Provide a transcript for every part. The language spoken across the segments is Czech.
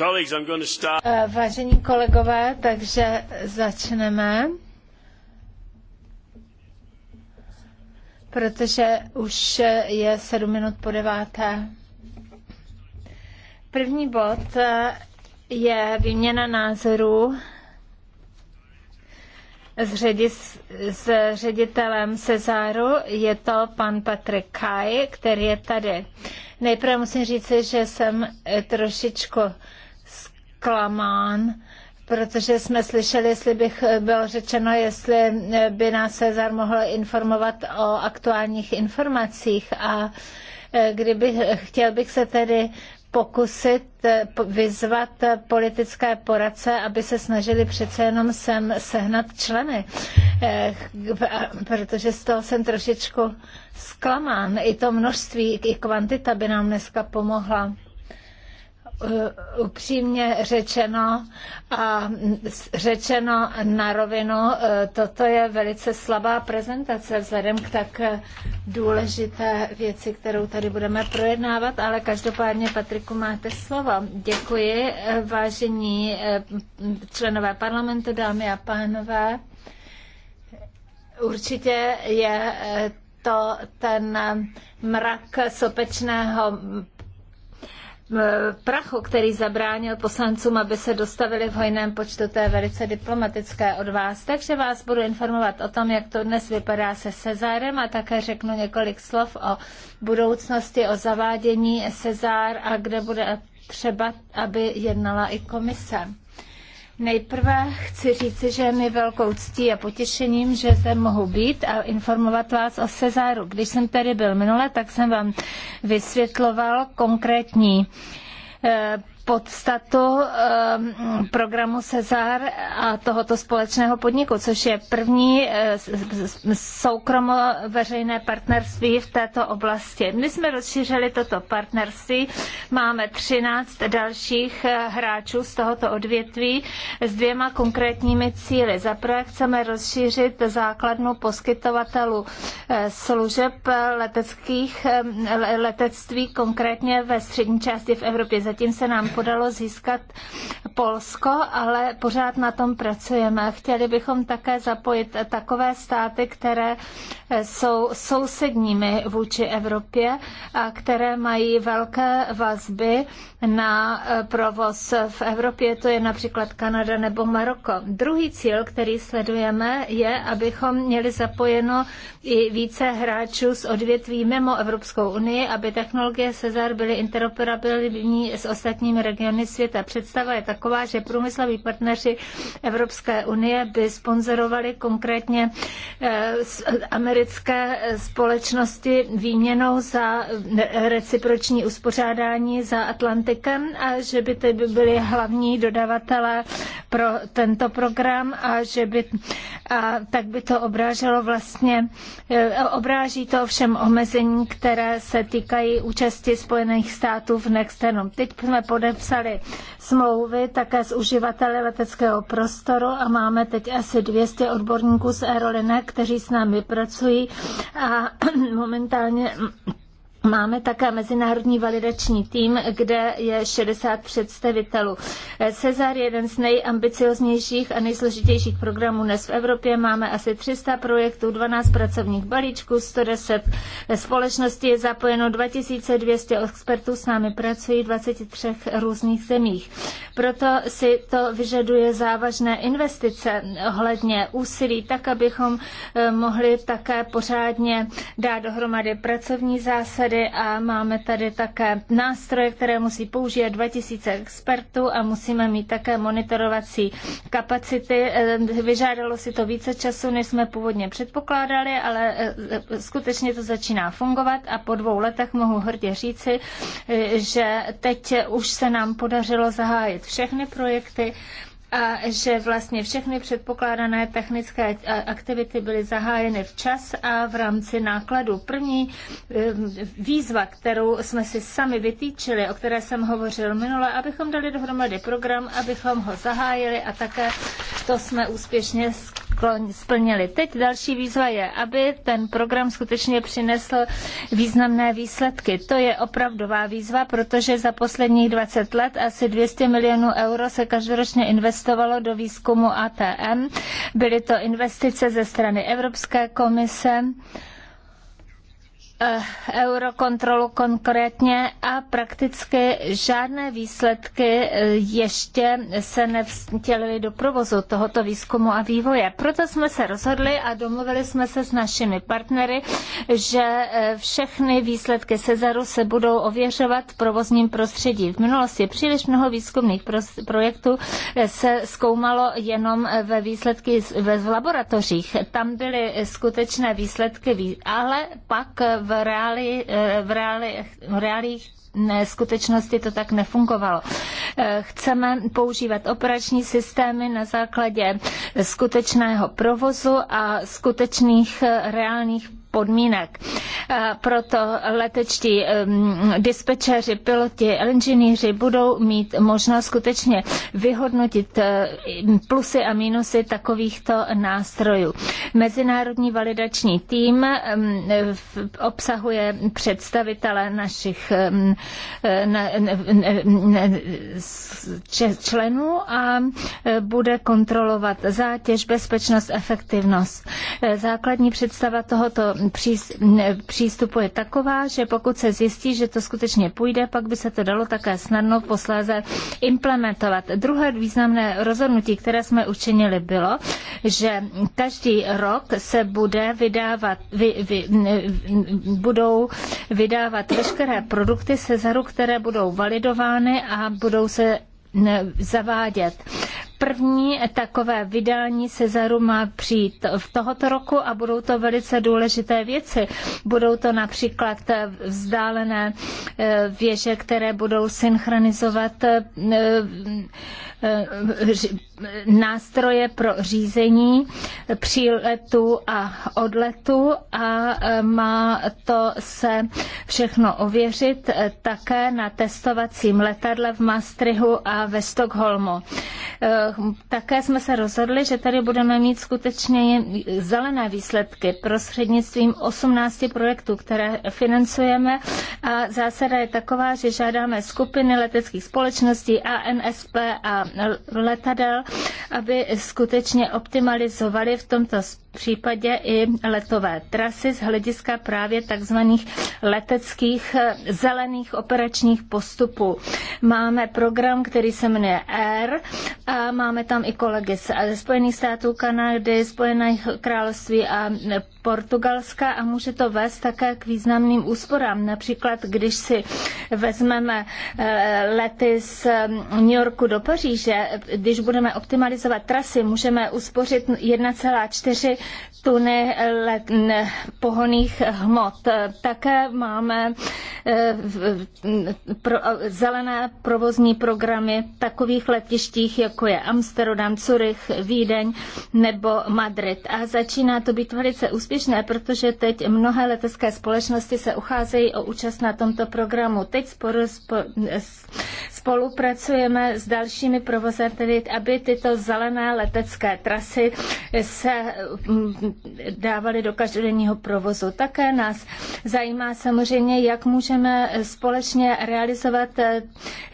Eh, vážení kolegové, takže začneme, protože už je sedm minut po deváté. První bod eh, je výměna názorů s, ředis, s ředitelem Cezáru. Je to pan Patrik Kaj, který je tady. Nejprve musím říct, že jsem eh, trošičku zklamán, protože jsme slyšeli, jestli bych bylo řečeno, jestli by nás Cezar mohl informovat o aktuálních informacích a e, kdyby, chtěl bych se tedy pokusit e, vyzvat politické poradce, aby se snažili přece jenom sem sehnat členy, e, protože z toho jsem trošičku zklamán. I to množství, i kvantita by nám dneska pomohla. Eh, upřímně řečeno a řečeno na rovinu, eh, toto je velice slabá prezentace vzhledem k tak eh, důležité věci, kterou tady budeme projednávat, ale každopádně, Patriku, máte slovo. Děkuji, vážení členové parlamentu, dámy a pánové. Určitě je to ten mrak sopečného E, prachu, který zabránil poslancům, aby se dostavili v hojném počtu, to je velice diplomatické od vás. Takže vás budu informovat o tom, jak to dnes vypadá se Cezárem a také řeknu několik slov o budoucnosti, o zavádění Cezár a kde bude třeba, aby jednala i komise. Nejprve chci říci, že je mi velkou ctí a potěšením, že zde mohu být a informovat vás o Cezáru. Když jsem tady byl minule, tak jsem vám vysvětloval konkrétní eh, podstatu ehm, programu Cezar a tohoto společného podniku, což je první ehm, soukromo-veřejné partnerství v této oblasti. My jsme rozšířili toto partnerství, máme 13 dalších eh, hráčů z tohoto odvětví s dvěma konkrétními cíly. Za prvé chceme rozšířit základnu poskytovatelů eh, služeb leteckých ehm, letectví, konkrétně ve střední části v Evropě. Zatím se nám podalo získat Polsko, ale pořád na tom pracujeme. Chtěli bychom také zapojit takové státy, které jsou sousedními vůči Evropě a které mají velké vazby na provoz v Evropě, to je například Kanada nebo Maroko. Druhý cíl, který sledujeme, je, abychom měli zapojeno i více hráčů z odvětví mimo Evropskou unii, aby technologie Cezar byly interoperabilní s ostatními regiony světa. Představa je taková, že průmysloví partneři Evropské unie by sponzorovali konkrétně eh, americké eh, společnosti výměnou za eh, reciproční uspořádání za Atlantikem a že by by byli hlavní dodavatelé pro tento program a že by a tak by to obráželo vlastně, obráží to všem omezení, které se týkají účasti Spojených států v Nextenu. Teď jsme pode, podepsali smlouvy také s uživateli leteckého prostoru a máme teď asi 200 odborníků z aerolinek, kteří s námi pracují a momentálně Máme také mezinárodní validační tým, kde je 60 představitelů. Cezar je jeden z nejambicioznějších a nejsložitějších programů dnes v Evropě. Máme asi 300 projektů, 12 pracovních balíčků, 110 společností je zapojeno, 2200 expertů s námi pracují v 23 různých zemích. Proto si to vyžaduje závažné investice ohledně úsilí, tak abychom eh, mohli také pořádně dát dohromady pracovní zásady, tady a máme tady také nástroje, které musí použít 2000 expertů a musíme mít také monitorovací kapacity. Eh, vyžádalo si to více času, než jsme původně předpokládali, ale eh, eh, skutečně to začíná fungovat a po dvou letech mohu hrdě říci, že teď už se nám podařilo zahájit všechny projekty, a že vlastně všechny předpokládané technické eh, aktivity byly zahájeny včas a v rámci nákladů. První eh, výzva, kterou jsme si sami vytýčili, o které jsem hovořil minule, abychom dali dohromady program, abychom ho zahájili a také to jsme úspěšně splnili. Teď další výzva je, aby ten program skutečně přinesl významné výsledky. To je opravdová výzva, protože za posledních 20 let asi 200 milionů euro se každoročně investuje investovalo do výzkumu ATM. Byly to investice ze strany Evropské komise. Eh, eurokontrolu konkrétně a prakticky žádné výsledky eh, ještě se nevtělily do provozu tohoto výzkumu a vývoje. Proto jsme se rozhodli a domluvili jsme se s našimi partnery, že eh, všechny výsledky Cezaru se budou ověřovat v provozním prostředí. V minulosti příliš mnoho výzkumných projektů se zkoumalo jenom ve výsledky v laboratořích. Tam byly skutečné výsledky, ale pak v, reáli, eh, v, reáli, v reálích ne, skutečnosti to tak nefungovalo. Eh, chceme používat operační systémy na základě skutečného provozu a skutečných eh, reálných podmínek. Eh, proto letečtí dispečeři, piloti, inženýři budou mít možnost skutečně vyhodnotit eh, plusy a mínusy takovýchto nástrojů. Mezinárodní validační tým obsahuje představitele našich eh, členů a bude kontrolovat zátěž, bezpečnost, efektivnost. Základní představa tohoto přístupu je taková, že pokud se zjistí, že to skutečně půjde, pak by se to dalo také snadno posléze implementovat. Druhé významné rozhodnutí, které jsme učinili, bylo, že každý rok se bude vydávat, vy, vy, budou vydávat veškeré produkty se zaru, které budou validovány a budou se zavádět. První takové vydání Cezaru má přijít v tohoto roku a budou to velice důležité věci. Budou to například vzdálené eh, věže, které budou synchronizovat eh, Eh, nástroje pro řízení příletu a odletu a eh, má to se všechno ověřit eh, také na testovacím letadle v Maastrichtu a ve Stockholmu. Také jsme se rozhodli, že tady budeme mít skutečně zelené výsledky prostřednictvím 18 projektů, které financujeme a zásada je taková, že žádáme skupiny leteckých společností ANSP a letadel, aby skutečně optimalizovali v tomto případě i letové trasy z hlediska právě takzvaných leteckých eh, zelených operačních postupů. Máme program, který se jmenuje AIR a máme tam i kolegy z eh, Spojených států, Kanady, Spojených království a eh, Portugalska a může to vést také k významným úsporám. Například, když si vezmeme lety z New Yorku do Paříže, když budeme optimalizovat trasy, můžeme uspořit 1,4 tuny pohoných hmot. Také máme eh, zelené provozní programy v takových letištích, jako je Amsterdam, Zurich, Vídeň nebo Madrid. A začíná to být velice úspěšné, protože teď mnohé letecké společnosti se ucházejí o účast na tomto programu. Teď spolu, spolupracujeme s dalšími provozateli, aby tyto zelené letecké trasy se dávali do každodenního provozu. Také nás zajímá samozřejmě, jak můžeme společně realizovat eh,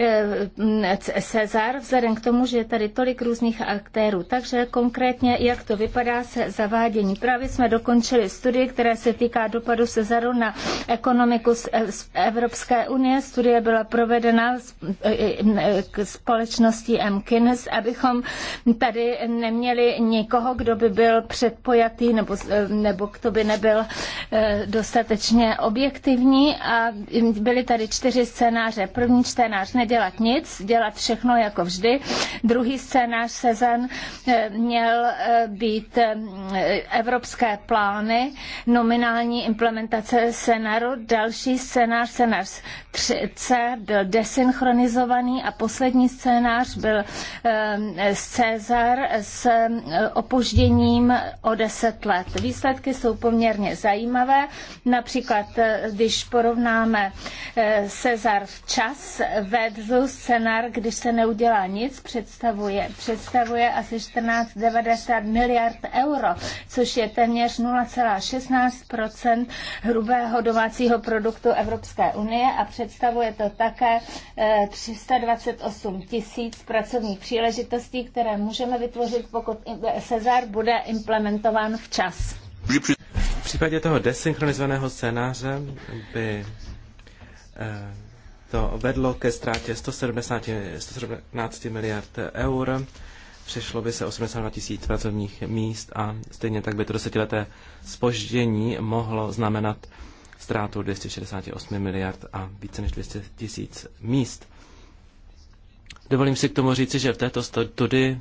eh, Cezar, vzhledem k tomu, že je tady tolik různých aktérů. Takže konkrétně, jak to vypadá se zavádění. Právě jsme dokončili studii, která se týká dopadu Cezaru na ekonomiku z eh, Evropské unie. Studie byla provedena společností MKINES, abychom tady neměli někoho, kdo by byl před pojatý nebo, eh, nebo kdo by nebyl eh, dostatečně objektivní a byly tady čtyři scénáře. První scénář nedělat nic, dělat všechno jako vždy. Druhý scénář Sezen eh, měl být evropské plány, nominální implementace scénáru, další scénář, scénář 3C byl desynchronizovaný a poslední scénář byl ehm, Cezar s eh, opožděním o 10 let. Výsledky jsou poměrně zajímavé. Například, eh, když porovnáme eh, Cezar v čas versus scénář, když se neudělá nic, představuje, představuje asi 14,90 miliard euro, což je téměř 0,16 hrubého domácího produktu Evropské unie a před představuje to také 328 eh, tisíc pracovních příležitostí, které můžeme vytvořit, pokud Cezar bude implementován včas. V případě toho desynchronizovaného scénáře by eh, to vedlo ke ztrátě 170, 117 miliard eur, přišlo by se 82 tisíc pracovních míst a stejně tak by to desetileté spoždění mohlo znamenat ztrátu 268 miliard a více než 200 tisíc míst. Dovolím si k tomu říci, že v této studii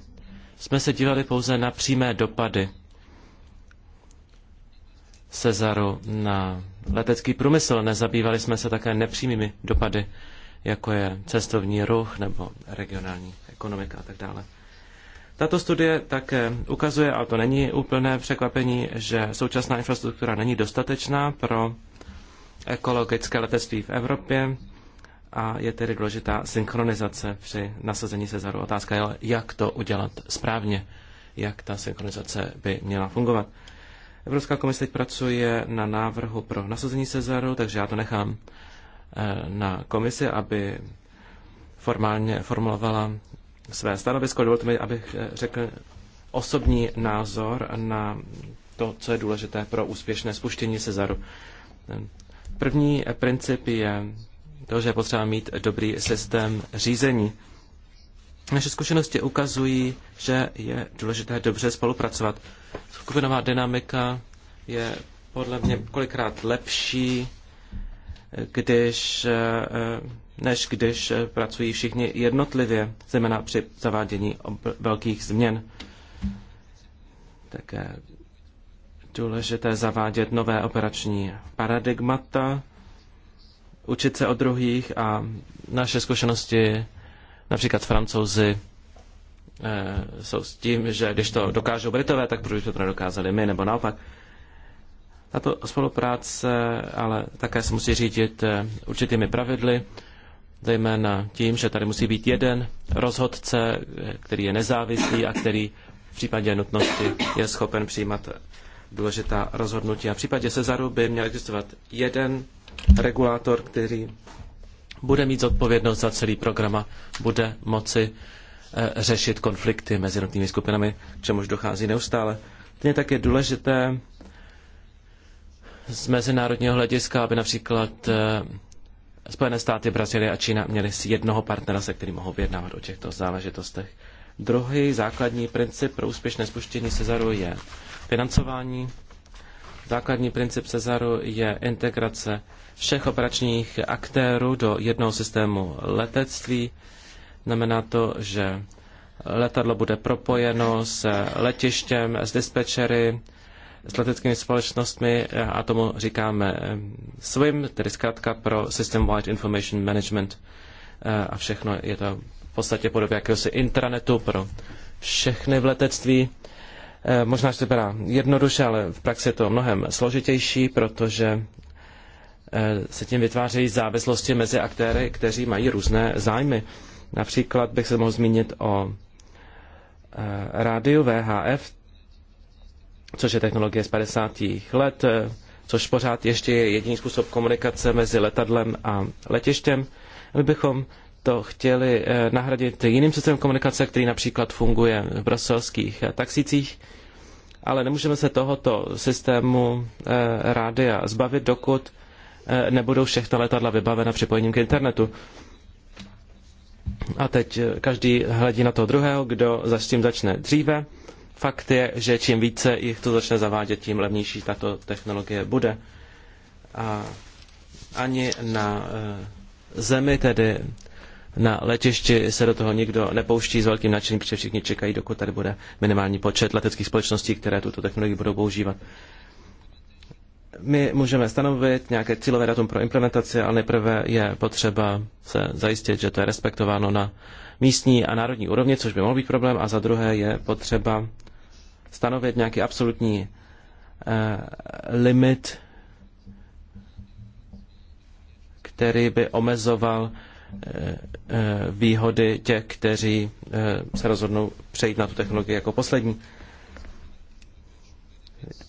jsme se dívali pouze na přímé dopady Cezaru na letecký průmysl. Nezabývali jsme se také nepřímými dopady, jako je cestovní ruch nebo regionální ekonomika a tak dále. Tato studie také ukazuje, a to není úplné překvapení, že současná infrastruktura není dostatečná pro ekologické letectví v Evropě a je tedy důležitá synchronizace při nasazení Cezaru. Otázka je, jak to udělat správně, jak ta synchronizace by měla fungovat. Evropská komise teď pracuje na návrhu pro nasazení Cezaru, takže já to nechám eh, na komisi, aby formálně formulovala své stanovisko. Dovolte mi, abych eh, řekl osobní názor na to, co je důležité pro úspěšné spuštění Cezaru. První princip je to, že je potřeba mít dobrý systém řízení. Naše zkušenosti ukazují, že je důležité dobře spolupracovat. Skupinová dynamika je podle mě kolikrát lepší, když, eh, než když pracují všichni jednotlivě, zejména při zavádění velkých změn. Také důležité zavádět nové operační paradigmata, učit se o druhých a naše zkušenosti, například francouzi, eh, jsou s tím, že když to dokážou Britové, tak proč to nedokázali my, nebo naopak. Tato spolupráce ale také se musí řídit eh, určitými pravidly, zejména tím, že tady musí být jeden rozhodce, eh, který je nezávislý a který v případě nutnosti je schopen přijímat důležitá rozhodnutí. A v případě Cezaru by měl existovat jeden regulátor, který bude mít zodpovědnost za celý program a bude moci eh, řešit konflikty mezi jednotlivými skupinami, k čemuž dochází neustále. Stejně tak je důležité z mezinárodního hlediska, aby například eh, Spojené státy, Brazílie a Čína měly jednoho partnera, se kterým mohou vyjednávat o těchto záležitostech. Druhý základní princip pro úspěšné spuštění Cezaru je financování. Základní princip Cezaru je integrace všech operačních aktérů do jednoho systému letectví. Znamená to, že letadlo bude propojeno s letištěm, s dispečery, s leteckými společnostmi a tomu říkáme eh, SWIM, tedy zkrátka pro System Wide Information Management eh, a všechno je to v podstatě podobě jakéhosi intranetu pro všechny v letectví. Eh, možná, že to vypadá jednoduše, ale v praxi je to mnohem složitější, protože eh, se tím vytvářejí závislosti mezi aktéry, kteří mají různé zájmy. Například bych se mohl zmínit o eh, rádiu VHF, což je technologie z 50. let, což pořád ještě je jediný způsob komunikace mezi letadlem a letištěm. My bychom to chtěli eh, nahradit jiným systémem komunikace, který například funguje v bruselských eh, taxicích, ale nemůžeme se tohoto systému eh, rádia zbavit, dokud nebudou všechna letadla vybavena připojením k internetu. A teď každý hledí na toho druhého, kdo za s tím začne dříve. Fakt je, že čím více jich to začne zavádět, tím levnější tato technologie bude. A ani na zemi, tedy na letišti se do toho nikdo nepouští s velkým nadšením, protože všichni čekají, dokud tady bude minimální počet leteckých společností, které tuto technologii budou používat. My můžeme stanovit nějaké cílové datum pro implementaci, ale nejprve je potřeba se zajistit, že to je respektováno na místní a národní úrovni, což by mohl být problém, a za druhé je potřeba stanovit nějaký absolutní eh, limit, který by omezoval eh, Eh, eh, výhody těch, kteří eh, se rozhodnou přejít na tu technologii jako poslední.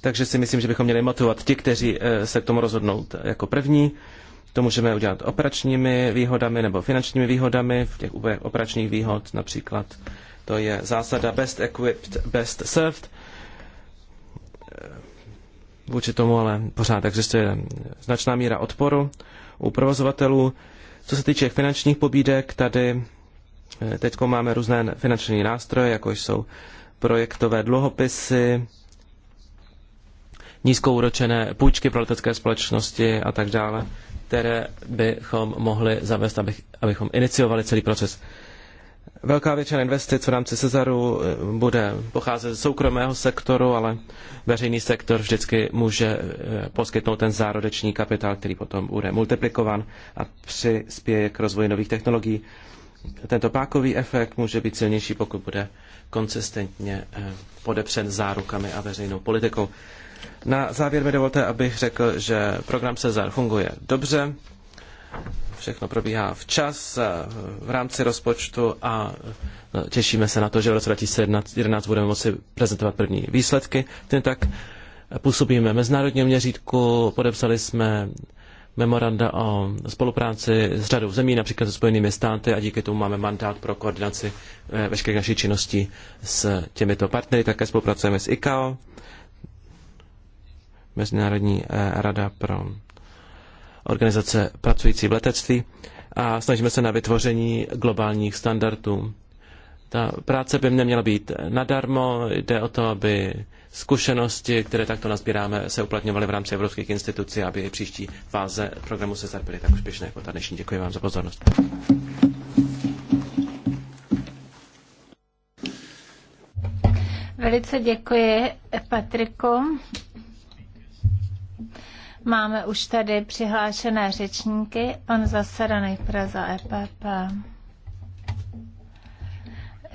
Takže si myslím, že bychom měli motivovat ti, kteří se k tomu rozhodnou jako první. To můžeme udělat operačními výhodami nebo finančními výhodami. V těch operačních výhod například to je zásada best equipped, best served. Vůči tomu ale pořád existuje značná míra odporu u provozovatelů. Co se týče finančních pobídek, tady eh, teď máme různé finanční nástroje, jako jsou projektové dluhopisy, nízkouročené půjčky pro letecké společnosti a tak dále, které bychom mohli zavést, abych, abychom iniciovali celý proces. Velká většina investic v rámci Cezaru eh, bude pocházet ze soukromého sektoru, ale veřejný sektor vždycky může eh, poskytnout ten zárodeční kapitál, který potom bude multiplikovan a přispěje k rozvoji nových technologií. Tento pákový efekt může být silnější, pokud bude konsistentně eh, podepřen zárukami a veřejnou politikou. Na závěr mi dovolte, abych řekl, že program Cezar funguje dobře všechno probíhá včas eh, v rámci rozpočtu a eh, těšíme se na to, že v roce 2011 budeme moci prezentovat první výsledky. Ten tak působíme mezinárodně měřítku, podepsali jsme memoranda o spolupráci s řadou zemí, například se Spojenými státy a díky tomu máme mandát pro koordinaci eh, veškerých našich činností s těmito partnery. Také spolupracujeme s ICAO, Mezinárodní rada pro organizace pracující v letectví a snažíme se na vytvoření globálních standardů. Ta práce by neměla být nadarmo, jde o to, aby zkušenosti, které takto nazbíráme, se uplatňovaly v rámci evropských institucí, aby i příští fáze programu se byly tak úspěšné jako ta dnešní. Děkuji vám za pozornost. Velice děkuji, Patriku. Máme už tady přihlášené řečníky. Pan zaseda nejprve za EPP.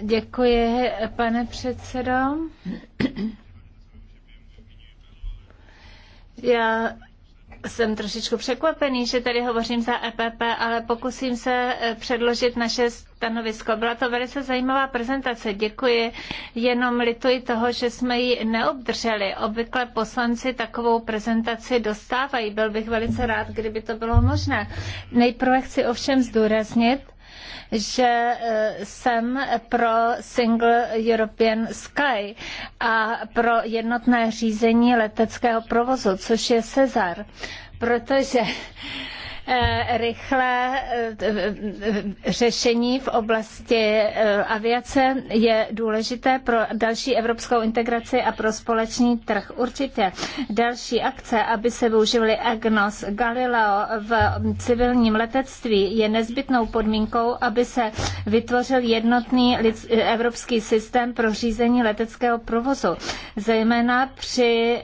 Děkuji, pane předsedo. Já jsem trošičku překvapený, že tady hovořím za EPP, ale pokusím se eh, předložit naše stanovisko. Byla to velice zajímavá prezentace, děkuji. Jenom lituji toho, že jsme ji neobdrželi. Obvykle poslanci takovou prezentaci dostávají. Byl bych velice rád, kdyby to bylo možné. Nejprve chci ovšem zdůraznit, že eh, jsem pro Single European Sky a pro jednotné řízení leteckého provozu, což je Cezar, protože Eh, rychlé eh, řešení v oblasti eh, aviace je důležité pro další evropskou integraci a pro společný trh. Určitě další akce, aby se využili EGNOS, Galileo v civilním letectví, je nezbytnou podmínkou, aby se vytvořil jednotný evropský systém pro řízení leteckého provozu, zejména při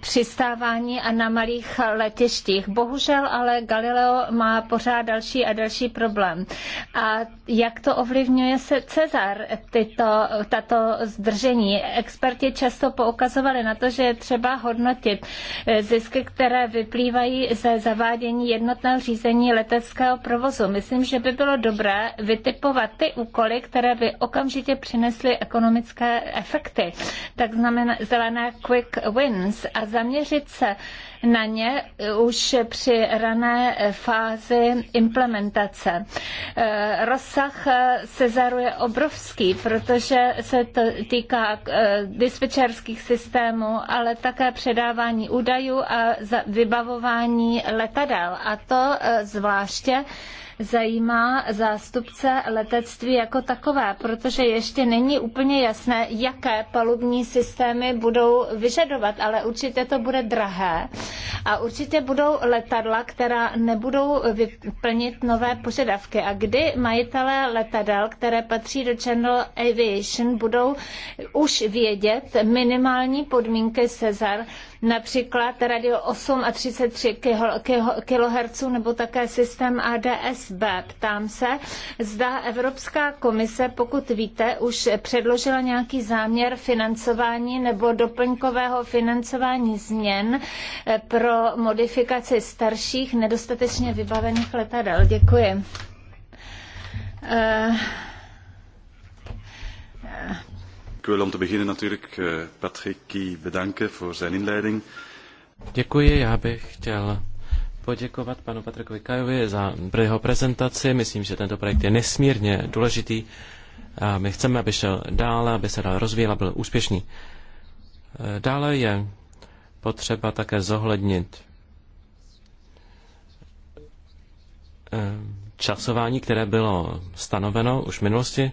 přistávání a na malých letištích. Bohužel ale Galileo Galileo má pořád další a další problém. A jak to ovlivňuje se Cezar, tyto, tato zdržení? Experti často poukazovali na to, že je třeba hodnotit eh, zisky, které vyplývají ze zavádění jednotného řízení leteckého provozu. Myslím, že by bylo dobré vytipovat ty úkoly, které by okamžitě přinesly ekonomické efekty, tak znamená zelené quick wins a zaměřit se na ně už při rané fázi implementace. Eh, rozsah Cezaru je obrovský, protože se to týká eh, dispečerských systémů, ale také předávání údajů a vybavování letadel. A to eh, zvláště zajímá zástupce letectví jako takové, protože ještě není úplně jasné, jaké palubní systémy budou vyžadovat, ale určitě to bude drahé a určitě budou letadla, která nebudou vyplnit nové požadavky. A kdy majitelé letadel, které patří do Channel Aviation, budou už vědět minimální podmínky Cezar, například radio 8 a 33 kHz nebo také systém ADS-B. Ptám se, zda Evropská komise, pokud víte, už předložila nějaký záměr financování nebo doplňkového financování změn eh, pro modifikaci starších nedostatečně vybavených letadel. Děkuji. Uh, wil om te beginnen natuurlijk eh, Patrick Key bedanken voor zijn inleiding. Děkuji, já bych chtěl poděkovat panu Patrikovi Kajovi za jeho prezentaci. Myslím, že tento projekt je nesmírně důležitý. A my chceme, aby šel dále, aby se dál rozvíjel a byl úspěšný. Eh, dále je potřeba také zohlednit eh, časování, které bylo stanoveno už v minulosti.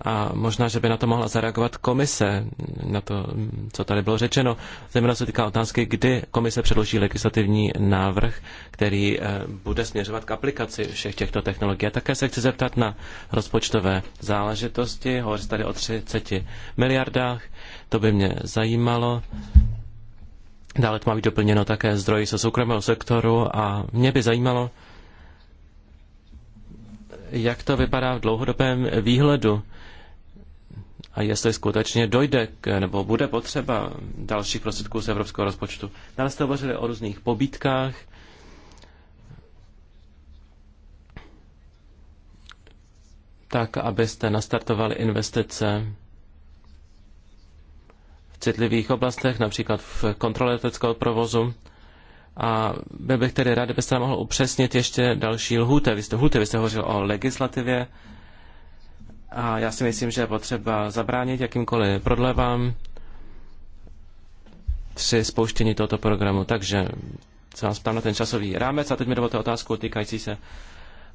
A možná, že by na to mohla zareagovat komise, na to, co tady bylo řečeno. Zejména se týká otázky, kdy komise předloží legislativní návrh, který eh, bude směřovat k aplikaci všech těchto technologií. A také se chci zeptat na rozpočtové záležitosti. Hovoří tady o 30 miliardách. To by mě zajímalo. Dále to má být doplněno také zdroji ze soukromého sektoru a mě by zajímalo, jak to vypadá v dlouhodobém výhledu a jestli skutečně dojde k, nebo bude potřeba dalších prostředků z evropského rozpočtu. Dále jste hovořili o různých pobítkách. tak, abyste nastartovali investice v citlivých oblastech, například v kontrole leteckého provozu. A byl bych tedy rád, kdybyste nám mohl upřesnit ještě další lhůty. Vy jste, lhůty, vy jste hovořil o legislativě, a já si myslím, že je potřeba zabránit jakýmkoliv prodlevám při spouštění tohoto programu. Takže se vás ptám na ten časový rámec a teď mi dovolte otázku týkající se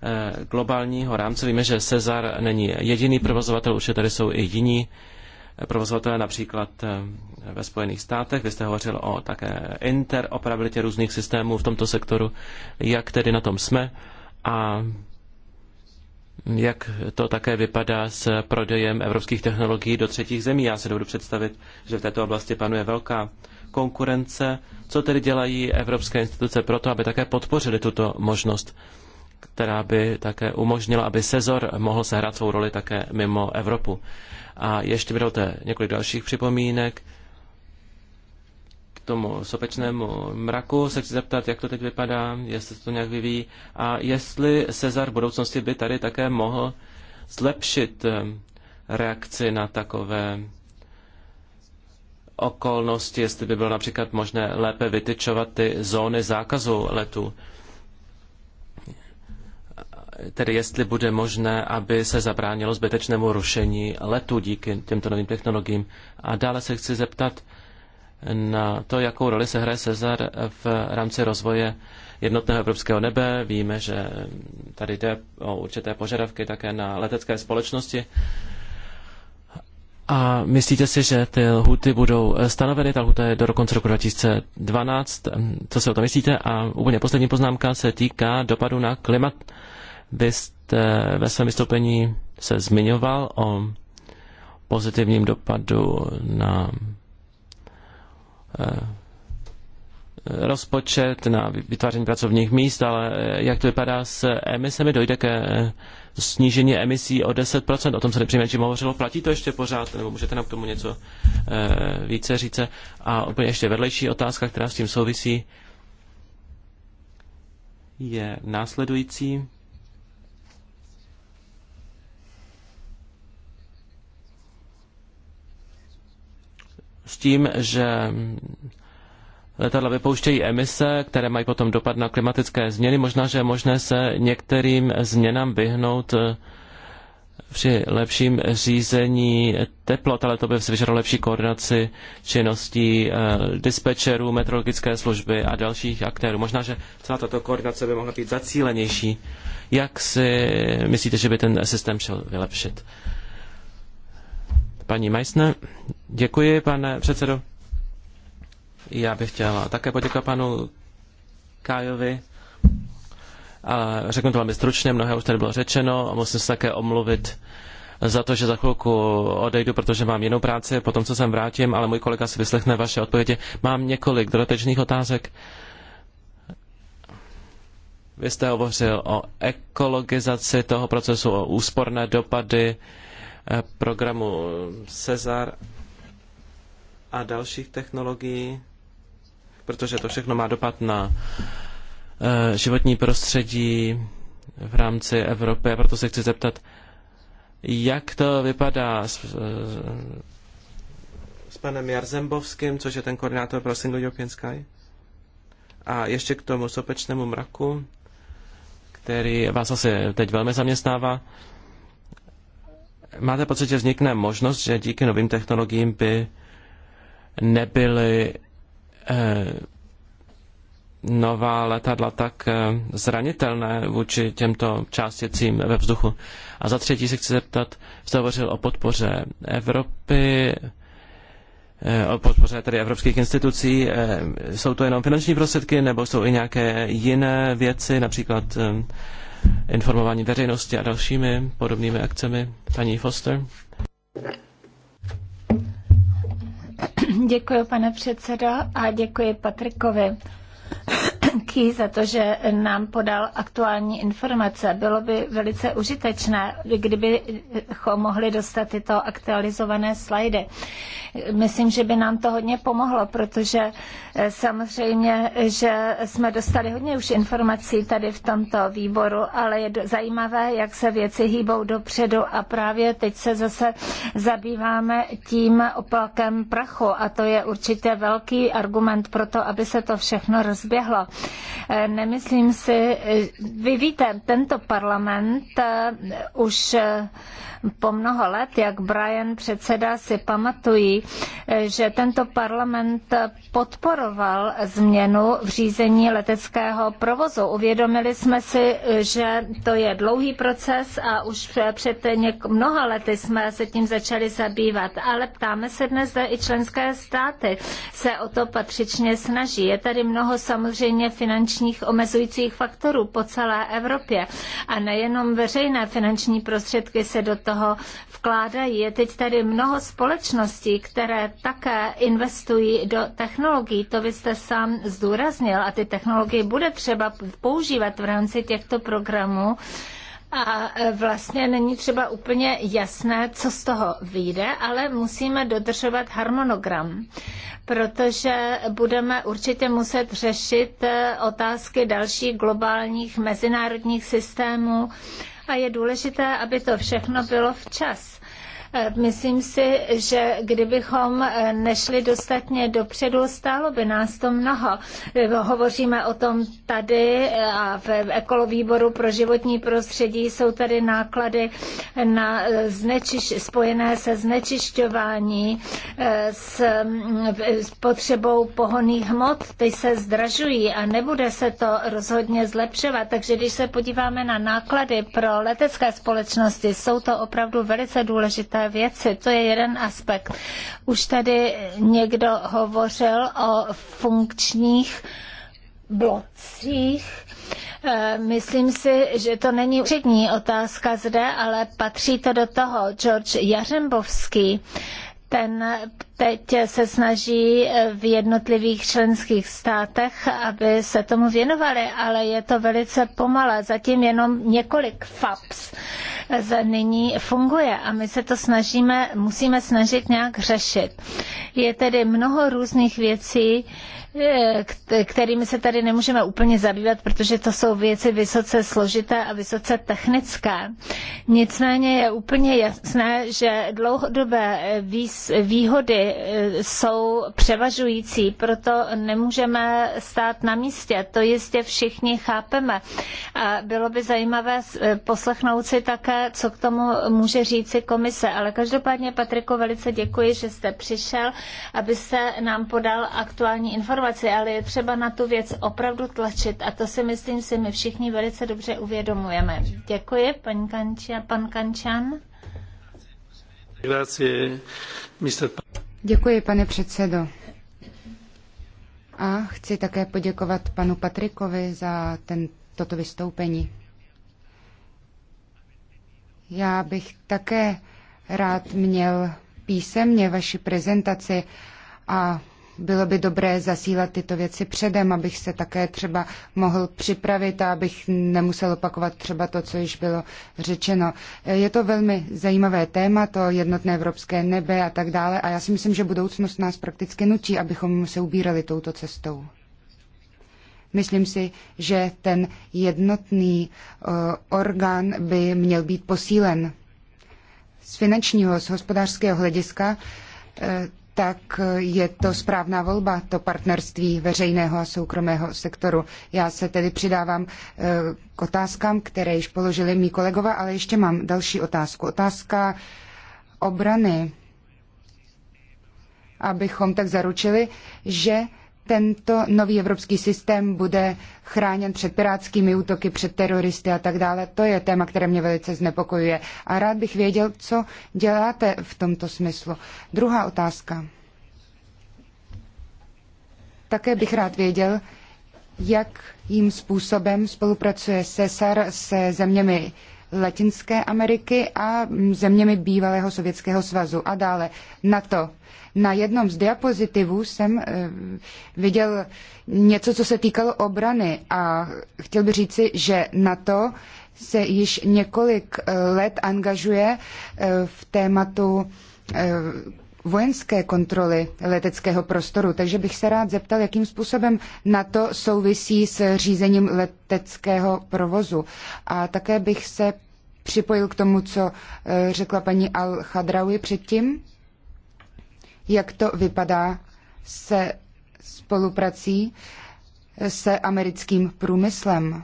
eh, globálního rámce. Víme, že Cezar není jediný provozovatel, už je tady jsou i jiní eh, provozovatelé například eh, ve Spojených státech. Vy jste hovořil o také interoperabilitě různých systémů v tomto sektoru. Jak tedy na tom jsme? A jak to také vypadá s prodejem evropských technologií do třetích zemí. Já se dovedu představit, že v této oblasti panuje velká konkurence. Co tedy dělají evropské instituce pro to, aby také podpořili tuto možnost, která by také umožnila, aby Sezor mohl sehrát svou roli také mimo Evropu. A ještě mi dovolte několik dalších připomínek tomu sopečnému mraku se chci zeptat, jak to teď vypadá, jestli to nějak vyvíjí a jestli Cezar v budoucnosti by tady také mohl zlepšit eh, reakci na takové okolnosti, jestli by bylo například možné lépe vytyčovat ty zóny zákazu letu. Tedy jestli bude možné, aby se zabránilo zbytečnému rušení letu díky těmto novým technologiím. A dále se chci zeptat, na to, jakou roli se hraje Cezar v rámci rozvoje jednotného evropského nebe. Víme, že tady jde o určité požadavky také na letecké společnosti. A myslíte si, že ty lhuty budou stanoveny? Ta lhuta je do konce roku 2012. Co si o tom myslíte? A úplně poslední poznámka se týká dopadu na klimat. Vy jste ve svém vystoupení se zmiňoval o pozitivním dopadu na Eh, rozpočet na vytváření pracovních míst, ale eh, jak to vypadá s emisemi, dojde ke eh, snížení emisí o 10%, o tom se nepříjemně hovořilo, platí to ještě pořád, nebo můžete nám k tomu něco více říct? A úplně ještě vedlejší otázka, která s tím souvisí, je následující. s tím, že letadla vypouštějí emise, které mají potom dopad na klimatické změny. Možná, že je možné se některým změnám vyhnout eh, při lepším řízení teplot, ale to by se vyžadovalo lepší koordinaci činností eh, dispečerů, meteorologické služby a dalších aktérů. Možná, že celá tato koordinace by mohla být zacílenější. Jak si myslíte, že by ten systém šel vylepšit? Paní Meissner, děkuji, pane předsedo. Já bych chtěla také poděkovat panu Kájovi. A řeknu to velmi stručně, mnohé už tady bylo řečeno a musím se také omluvit za to, že za chvilku odejdu, protože mám jinou práci, potom co sem vrátím, ale můj kolega si vyslechne vaše odpovědi. Mám několik dodatečných otázek. Vy jste hovořil o ekologizaci toho procesu, o úsporné dopady, Eh, programu Cezar a dalších technologií, protože to všechno má dopad na eh, životní prostředí v rámci Evropy a proto se chci zeptat, jak to vypadá s, eh, s panem Jarzembovským, což je ten koordinátor pro Single European Sky? A ještě k tomu sopečnému mraku, který vás asi teď velmi zaměstnává máte pocit, že vznikne možnost, že díky novým technologiím by nebyly eh, nová letadla tak eh, zranitelné vůči těmto částicím ve vzduchu. A za třetí se chci zeptat, jste hovořil o podpoře Evropy, eh, o podpoře tedy evropských institucí. Eh, jsou to jenom finanční prostředky nebo jsou i nějaké jiné věci, například eh, informování veřejnosti a dalšími podobnými akcemi. Paní Foster. Děkuji, pane předsedo, a děkuji Patrikovi. Ký za to, že nám podal aktuální informace. Bylo by velice užitečné, kdybychom mohli dostat tyto aktualizované slajdy. Myslím, že by nám to hodně pomohlo, protože eh, samozřejmě, že jsme dostali hodně už informací tady v tomto výboru, ale je zajímavé, jak se věci hýbou dopředu a právě teď se zase zabýváme tím oplakem prachu a to je určitě velký argument pro to, aby se to všechno rozběhlo. Eh, nemyslím si, eh, vy víte, tento parlament už po mnoho let, jak Brian předseda si pamatují, že tento parlament podporoval změnu v řízení leteckého provozu. Uvědomili jsme si, že to je dlouhý proces a už před mnoha lety jsme se tím začali zabývat, ale ptáme se dnes, zda i členské státy se o to patřičně snaží. Je tady mnoho samozřejmě finančních omezujících faktorů po celé Evropě a nejenom veřejné finanční prostředky se do toho vkládají. Je teď tady mnoho společností, které které také investují do technologií. To vy jste sám zdůraznil a ty technologie bude třeba používat v rámci těchto programů. A e, vlastně není třeba úplně jasné, co z toho vyjde, ale musíme dodržovat harmonogram, protože budeme určitě muset řešit e, otázky dalších globálních mezinárodních systémů a je důležité, aby to všechno bylo včas. Myslím si, že kdybychom eh, nešli dostatně dopředu, stálo by nás to mnoho. Eh, hovoříme o tom tady eh, a v ekolovýboru pro životní prostředí jsou tady náklady na znečiš, spojené se znečišťování mm, s, potřebou pohoných hmot. Ty se zdražují a nebude se to rozhodně zlepšovat. Takže když se podíváme na náklady pro letecké společnosti, jsou to opravdu velice důležité věci. To je jeden aspekt. Už tady někdo hovořil o funkčních blocích. Eh, myslím si, že to není přední otázka zde, ale patří to do toho. George Jařembovský ten teď se snaží eh, v jednotlivých členských státech, aby se tomu věnovali, ale je to velice pomalé. Zatím jenom několik FAPS eh, nyní funguje a my se to snažíme, musíme snažit nějak řešit. Je tedy mnoho různých věcí, Eh, kterými se tady nemůžeme úplně zabývat, protože to jsou věci vysoce složité a vysoce technické. Nicméně je úplně jasné, že dlouhodobé eh, výhody eh, jsou převažující, proto nemůžeme stát na místě. To jistě všichni chápeme. A bylo by zajímavé poslechnout si také, co k tomu může říci komise. Ale každopádně, Patriku, velice děkuji, že jste přišel, abyste nám podal aktuální informace manipulaci, ale je třeba na tu věc opravdu tlačit a to si myslím si my všichni velice dobře uvědomujeme. Děkuji, paní a pan Kančan. Děkuji, pane předsedo. A chci také poděkovat panu Patrikovi za ten, toto vystoupení. Já bych také rád měl písemně vaši prezentaci a bylo by dobré zasílat tyto věci předem, abych se také třeba mohl připravit a abych nemusel opakovat třeba to, co již bylo řečeno. Je to velmi zajímavé téma, to jednotné evropské nebe a tak dále a já si myslím, že budoucnost nás prakticky nutí, abychom se ubírali touto cestou. Myslím si, že ten jednotný eh, orgán by měl být posílen. Z finančního, z hospodářského hlediska eh, tak je to správná volba, to partnerství veřejného a soukromého sektoru. Já se tedy přidávám eh, k otázkám, které již položili mý kolegové, ale ještě mám další otázku. Otázka obrany, abychom tak zaručili, že tento nový evropský systém bude chráněn před pirátskými útoky, před teroristy a tak dále. To je téma, které mě velice znepokojuje. A rád bych věděl, co děláte v tomto smyslu. Druhá otázka. Také bych rád věděl, jakým způsobem spolupracuje Cesar se zeměmi Latinské Ameriky a zeměmi bývalého Sovětského svazu a dále na to Na jednom z diapozitivů jsem eh, viděl něco, co se týkalo obrany a chtěl bych říci, že NATO se již několik eh, let angažuje eh, v tématu vojenské kontroly leteckého prostoru, takže bych se rád zeptal, jakým způsobem NATO souvisí s řízením leteckého provozu. A také bych se připojil k tomu, co eh, řekla paní Al-Khadraoui předtím? Jak to vypadá se spoluprací eh, se americkým průmyslem?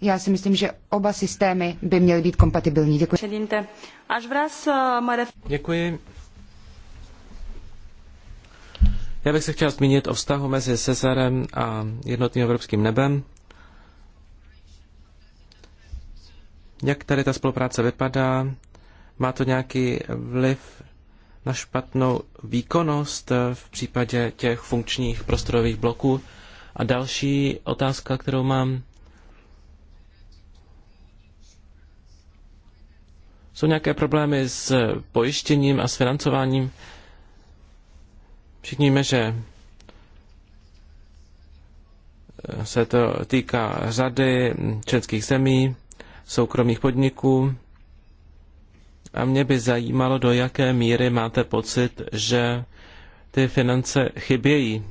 Já si myslím, že oba systémy by měly být kompatibilní. Děkuji. Eh, Děkuji. Já bych se chtěl zmínit o vztahu mezi Cezarem a jednotným evropským nebem. Jak tady ta spolupráce vypadá? Má to nějaký vliv na špatnou výkonnost v případě těch funkčních prostorových bloků? A další otázka, kterou mám, jsou nějaké problémy s pojištěním a s financováním. Všichni víme, že se to týká řady českých zemí soukromých podniků. A mě by zajímalo, do jaké míry máte pocit, že ty finance chybějí.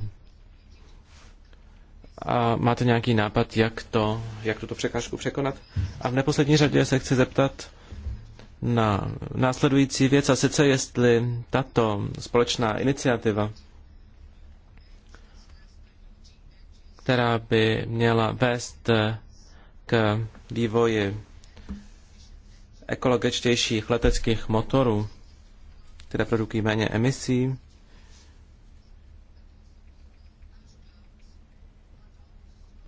A máte nějaký nápad, jak, to, jak tuto překážku překonat? A v neposlední řadě se chci zeptat na následující věc, a sice jestli tato společná iniciativa, která by měla vést k vývoji ekologičtějších leteckých motorů, které produkují méně emisí.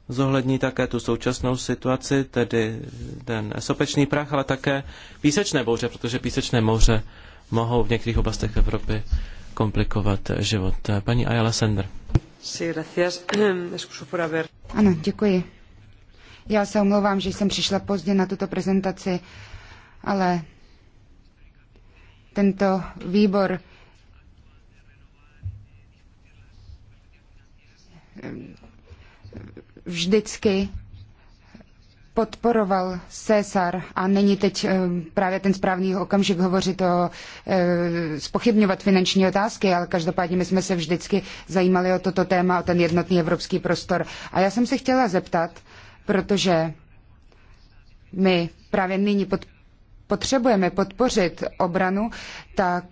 Zohlední také tu současnou situaci, tedy ten sopečný prach, ale také písečné bouře, protože písečné moře mohou v některých oblastech Evropy komplikovat život. Paní Ayala Sender. Ano, děkuji. Já se omlouvám, že jsem přišla pozdě na tuto prezentaci ale tento výbor eh, vždycky podporoval César a není teď eh, právě ten správný okamžik hovořit o eh, spochybňovat finanční otázky, ale každopádně my jsme se vždycky zajímali o toto téma, o ten jednotný evropský prostor. A já jsem se chtěla zeptat, protože my právě nyní podporujeme potřebujeme podpořit obranu, tak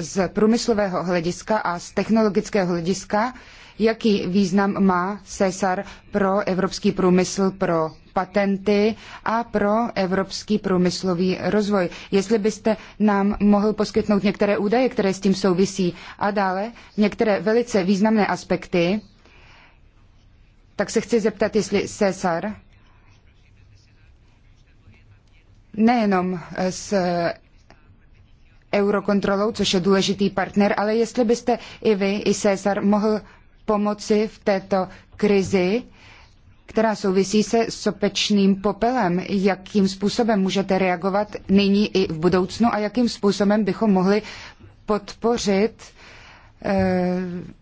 z průmyslového hlediska a z technologického hlediska, jaký význam má Cesar pro evropský průmysl, pro patenty a pro evropský průmyslový rozvoj. Jestli byste nám mohl poskytnout některé údaje, které s tím souvisí a dále některé velice významné aspekty, tak se chci zeptat, jestli Cesar nejenom eh, s eh, Eurokontrolou, což je důležitý partner, ale jestli byste i vy, i César mohl pomoci v této krizi, která souvisí se sopečným popelem. Jakým způsobem můžete reagovat nyní i v budoucnu a jakým způsobem bychom mohli podpořit eh,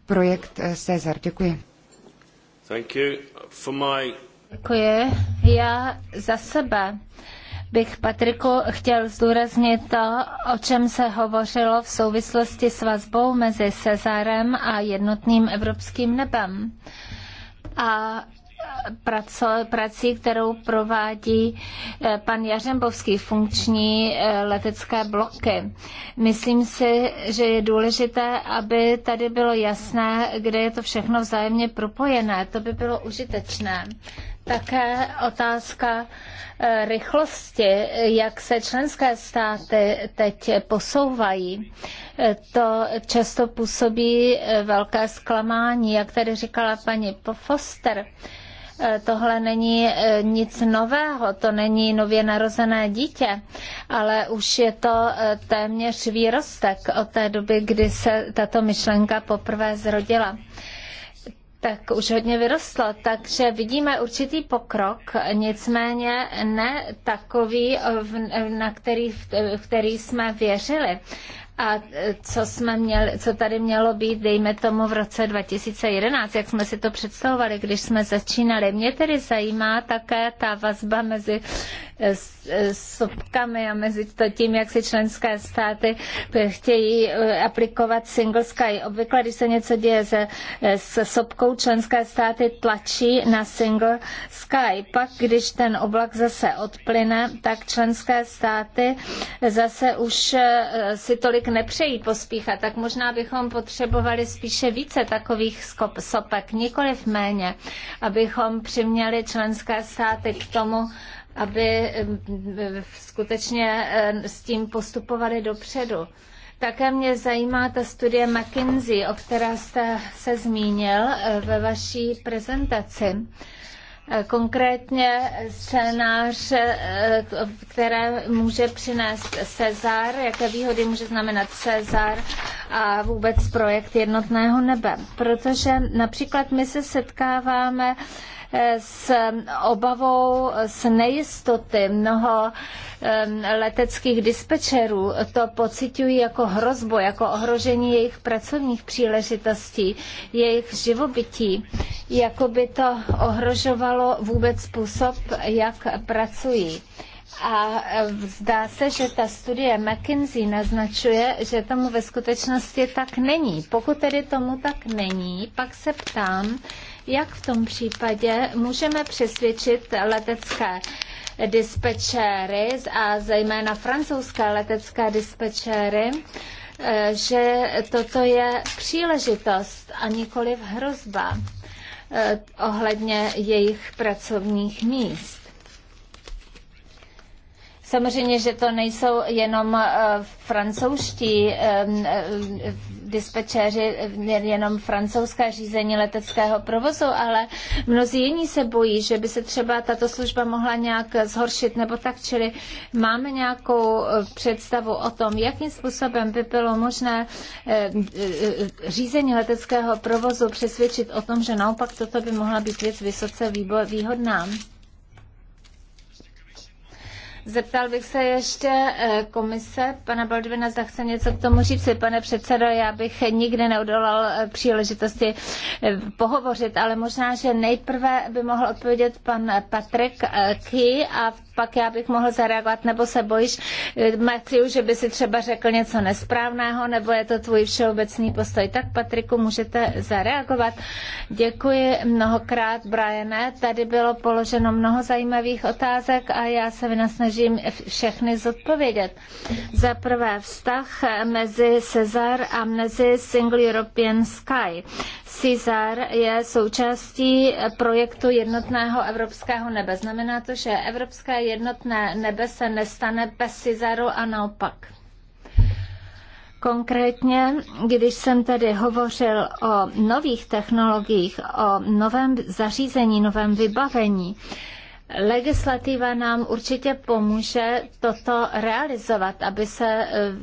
projekt eh, Cezar? Děkuji. Thank you for my... Děkuji. Já za sebe. Eh, bych Patriku chtěl zdůraznit to, o čem se hovořilo v souvislosti s vazbou mezi Cezarem a jednotným evropským nebem. A prací, kterou provádí eh, pan Jařembovský, funkční eh, letecké bloky. Myslím si, že je důležité, aby tady bylo jasné, kde je to všechno vzájemně propojené. To by bylo užitečné také otázka eh, rychlosti, jak se členské státy teď posouvají. Eh, to často působí eh, velké zklamání, jak tady říkala paní Foster tohle není nic nového, to není nově narozené dítě, ale už je to téměř výrostek od té doby, kdy se tato myšlenka poprvé zrodila tak už hodně vyrostlo, takže vidíme určitý pokrok, nicméně ne takový, na který, v který jsme věřili. A co, jsme měli, co tady mělo být, dejme tomu, v roce 2011, jak jsme si to představovali, když jsme začínali. Mě tedy zajímá také ta vazba mezi sopkami a mezi tím, jak si členské státy chtějí eh, aplikovat single sky. Obvykle, když se něco děje se, eh, se sopkou, členské státy tlačí na single sky. Pak, když ten oblak zase odplyne, tak členské státy zase už eh, si tolik nepřejí pospíchat. Tak možná bychom potřebovali spíše více takových sopek, nikoliv méně, abychom přiměli členské státy k tomu, aby skutečně s tím postupovali dopředu. Také mě zajímá ta studie McKinsey, o které jste se zmínil eh, ve vaší prezentaci. Eh, konkrétně scénář, eh, které může přinést Cezar, jaké výhody může znamenat Cezar a vůbec projekt jednotného nebe. Protože například my se setkáváme Eh, s obavou z nejistoty. Mnoho leteckých dispečerů to pociťují jako hrozbu, jako ohrožení jejich pracovních příležitostí, jejich živobytí, jako by to ohrožovalo vůbec způsob, jak pracují. A eh, zdá se, že ta studie McKinsey naznačuje, že tomu ve skutečnosti tak není. Pokud tedy tomu tak není, pak se ptám, jak v tom případě můžeme přesvědčit letecké dispečéry a zejména francouzské letecké dispečéry, eh, že toto je příležitost a nikoli hrozba eh, ohledně jejich pracovních míst. Samozřejmě, že to nejsou jenom eh, francouzští eh, dispečéři, eh, jenom francouzská řízení leteckého provozu, ale mnozí jiní se bojí, že by se třeba tato služba mohla nějak zhoršit nebo tak, čili máme nějakou představu o tom, jakým způsobem by bylo možné řízení leteckého provozu přesvědčit o tom, že naopak toto by mohla být věc vysoce výhodná. Zeptal bych se ještě eh, komise, pana Baldvina, zda chce něco k tomu říct. Pane předsedo, já bych nikdy neodolal eh, příležitosti eh, pohovořit, ale možná, že nejprve by mohl odpovědět pan Patrik Key a pak já bych mohl zareagovat, nebo se bojíš, Matthew, že by si třeba řekl něco nesprávného, nebo je to tvůj všeobecný postoj. Tak, Patriku, můžete zareagovat. Děkuji mnohokrát, Briane. Tady bylo položeno mnoho zajímavých otázek a já se vynasnažím snažím všechny zodpovědět. Za prvé vztah mezi Cezar a mezi Single European Sky. Cezar je součástí projektu jednotného evropského nebe. Znamená to, že evropské jednotné nebe se nestane bez Cezaru a naopak. Konkrétně, když jsem tady hovořil o nových technologiích, o novém zařízení, novém vybavení, Legislativa nám určitě pomůže toto realizovat, aby se eh,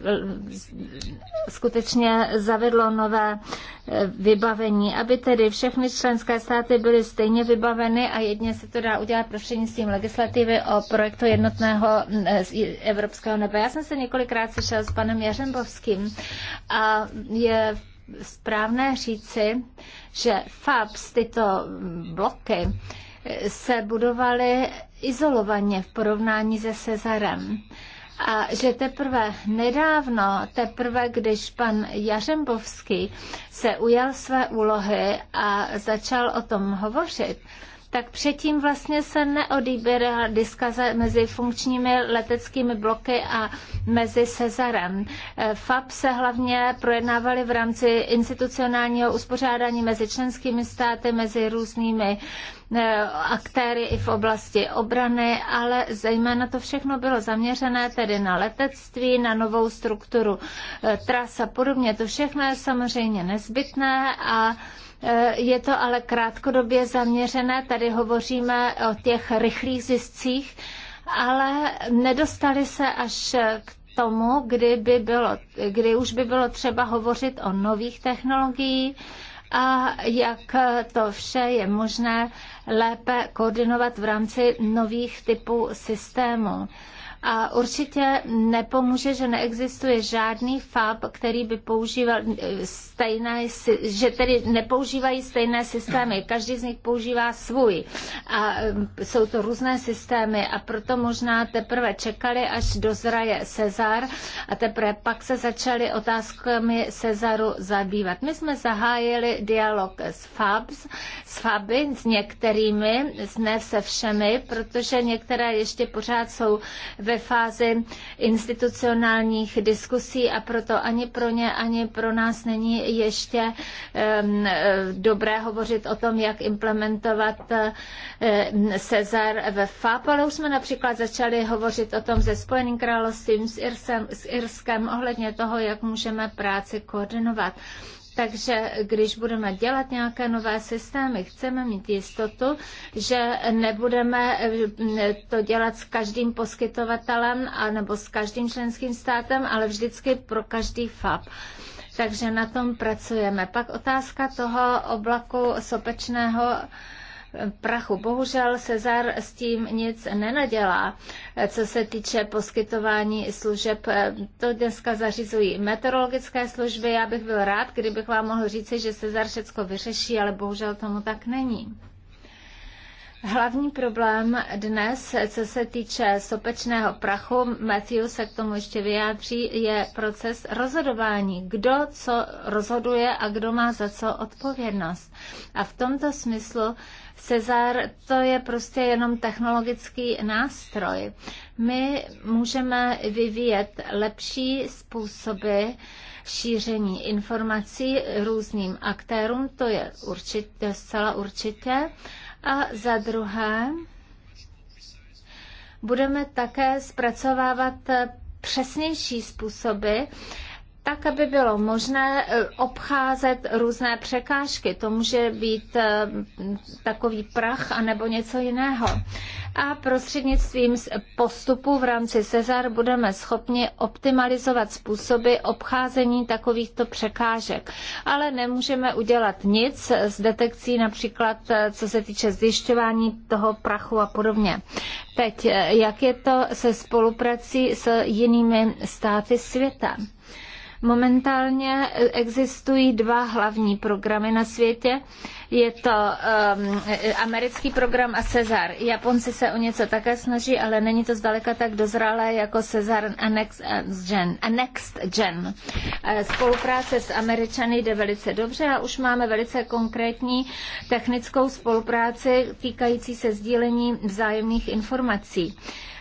skutečně zavedlo nové eh, vybavení, aby tedy všechny členské státy byly stejně vybaveny a jedně se to dá udělat prostřednictvím legislativy o projektu jednotného eh, evropského nebe. Já jsem se několikrát sešel s panem Jařembovským a je správné říci, že FAPS, tyto bloky, se budovaly izolovaně v porovnání se Cezarem. A že teprve nedávno, teprve když pan Jařembovský se ujal své úlohy a začal o tom hovořit, tak předtím vlastně se neodýběrala diskaze mezi funkčními leteckými bloky a mezi Cezarem. FAP se hlavně projednávaly v rámci institucionálního uspořádání mezi členskými státy, mezi různými Eh, aktéry i v oblasti obrany, ale zejména to všechno bylo zaměřené tedy na letectví, na novou strukturu eh, tras a podobně. To všechno je samozřejmě nezbytné a eh, je to ale krátkodobě zaměřené. Tady hovoříme o těch rychlých ziscích, ale nedostali se až k tomu, kdy, by bylo, kdy už by bylo třeba hovořit o nových technologiích, a jak to vše je možné lépe koordinovat v rámci nových typů systému. A určitě nepomůže, že neexistuje žádný FAB, který by používal eh, stejné, že tedy nepoužívají stejné systémy. Každý z nich používá svůj. A eh, jsou to různé systémy a proto možná teprve čekali, až dozraje Cezar a teprve pak se začaly otázkami Cezaru zabývat. My jsme zahájili dialog s FABs, s FABy, s některými, ne se všemi, protože některé ještě pořád jsou ve fázi institucionálních diskusí a proto ani pro ně, ani pro nás není ještě eh, dobré hovořit o tom, jak implementovat eh, Cezar ve FAP, ale už jsme například začali hovořit o tom ze Spojeným královstvím, s, s Irskem ohledně toho, jak můžeme práci koordinovat. Takže když budeme dělat nějaké nové systémy, chceme mít jistotu, že nebudeme to dělat s každým poskytovatelem a nebo s každým členským státem, ale vždycky pro každý FAB. Takže na tom pracujeme. Pak otázka toho oblaku sopečného prachu. Bohužel Cezar s tím nic nenadělá, co se týče poskytování služeb. To dneska zařizují meteorologické služby. Já bych byl rád, kdybych vám mohl říci, že Cezar všechno vyřeší, ale bohužel tomu tak není. Hlavní problém dnes, co se týče sopečného prachu, Matthew se k tomu ještě vyjádří, je proces rozhodování. Kdo co rozhoduje a kdo má za co odpovědnost. A v tomto smyslu Cezar to je prostě jenom technologický nástroj. My můžeme vyvíjet lepší způsoby, šíření informací různým aktérům, to je určitě, zcela určitě, a za druhé, budeme také zpracovávat přesnější způsoby, tak, aby bylo možné eh, obcházet různé překážky. To může být eh, takový prach anebo něco jiného. A prostřednictvím postupu v rámci Cezar budeme schopni optimalizovat způsoby obcházení takovýchto překážek. Ale nemůžeme udělat nic s detekcí například, eh, co se týče zjišťování toho prachu a podobně. Teď, jak je to se spoluprací s jinými státy světa? Momentálně existují dva hlavní programy na světě. Je to um, americký program a Cezar. Japonci se o něco také snaží, ale není to zdaleka tak dozralé jako Cezar a Next Gen. A Next Gen. Spolupráce s Američany jde velice dobře a už máme velice konkrétní technickou spolupráci týkající se sdílení vzájemných informací.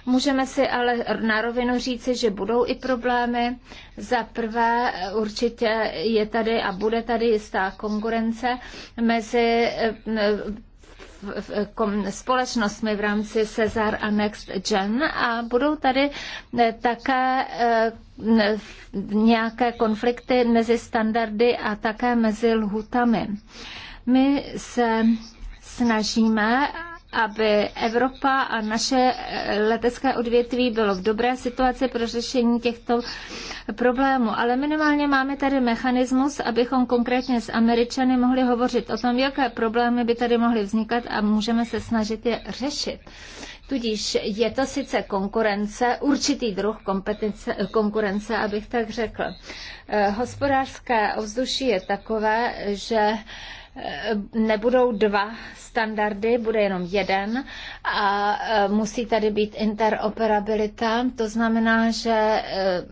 Můžeme si ale na rovinu říci, že budou i problémy. Za prvé určitě je tady a bude tady jistá konkurence mezi eh, společnostmi v rámci Cezar a Next Gen a budou tady eh, také eh, nějaké konflikty mezi standardy a také mezi lhutami. My se snažíme, aby Evropa a naše eh, letecké odvětví bylo v dobré situaci pro řešení těchto problémů. Ale minimálně máme tady mechanismus, abychom konkrétně s Američany mohli hovořit o tom, jaké problémy by tady mohly vznikat a můžeme se snažit je řešit. Tudíž je to sice konkurence, určitý druh kompetence, konkurence, abych tak řekl. Eh, hospodářské ovzduší je takové, že Eh, nebudou dva standardy, bude jenom jeden a eh, musí tady být interoperabilita. To znamená, že eh,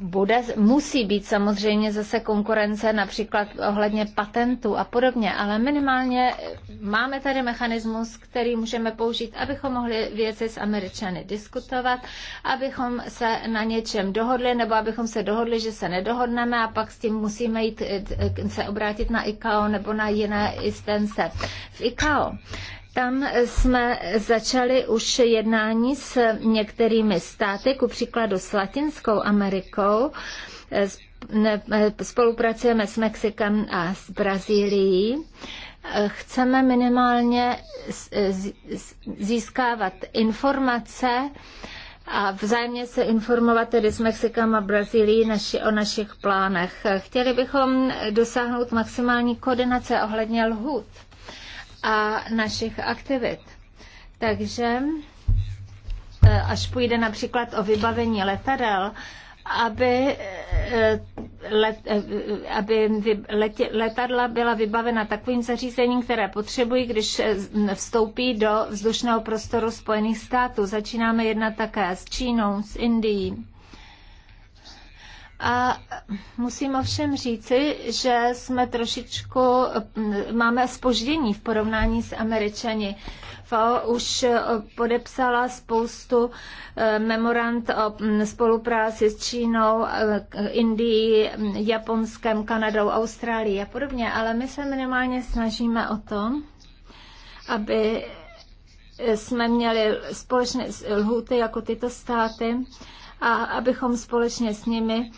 bude, musí být samozřejmě zase konkurence například ohledně patentů a podobně, ale minimálně máme tady mechanismus, který můžeme použít, abychom mohli věci s Američany diskutovat, abychom se na něčem dohodli, nebo abychom se dohodli, že se nedohodneme a pak s tím musíme jít eh, se obrátit na ICAO nebo na jiné instance v ICAO. Tam jsme začali už jednání s některými státy, ku příkladu s Latinskou Amerikou. Spolupracujeme s Mexikem a s Brazílií chceme minimálně získávat informace a vzájemně se informovat tedy s Mexikem a Brazílií naši, o našich plánech. Chtěli bychom dosáhnout maximální koordinace ohledně lhůt a našich aktivit. Takže e, až půjde například o vybavení letadel, aby, e, let, e, aby letě, letadla byla vybavena takovým zařízením, které potřebují, když vstoupí do vzdušného prostoru Spojených států. Začínáme jednat také s Čínou, s Indií. A musím ovšem říci, že jsme trošičku, mm, máme spoždění v porovnání s Američani. FAO už podepsala spoustu eh, memorand o mm, spolupráci s Čínou, eh, Indií, mm, Japonskem, Kanadou, Austrálií a podobně, ale my se minimálně snažíme o to, aby jsme měli společné lhuty jako tyto státy, a abychom společně s nimi e,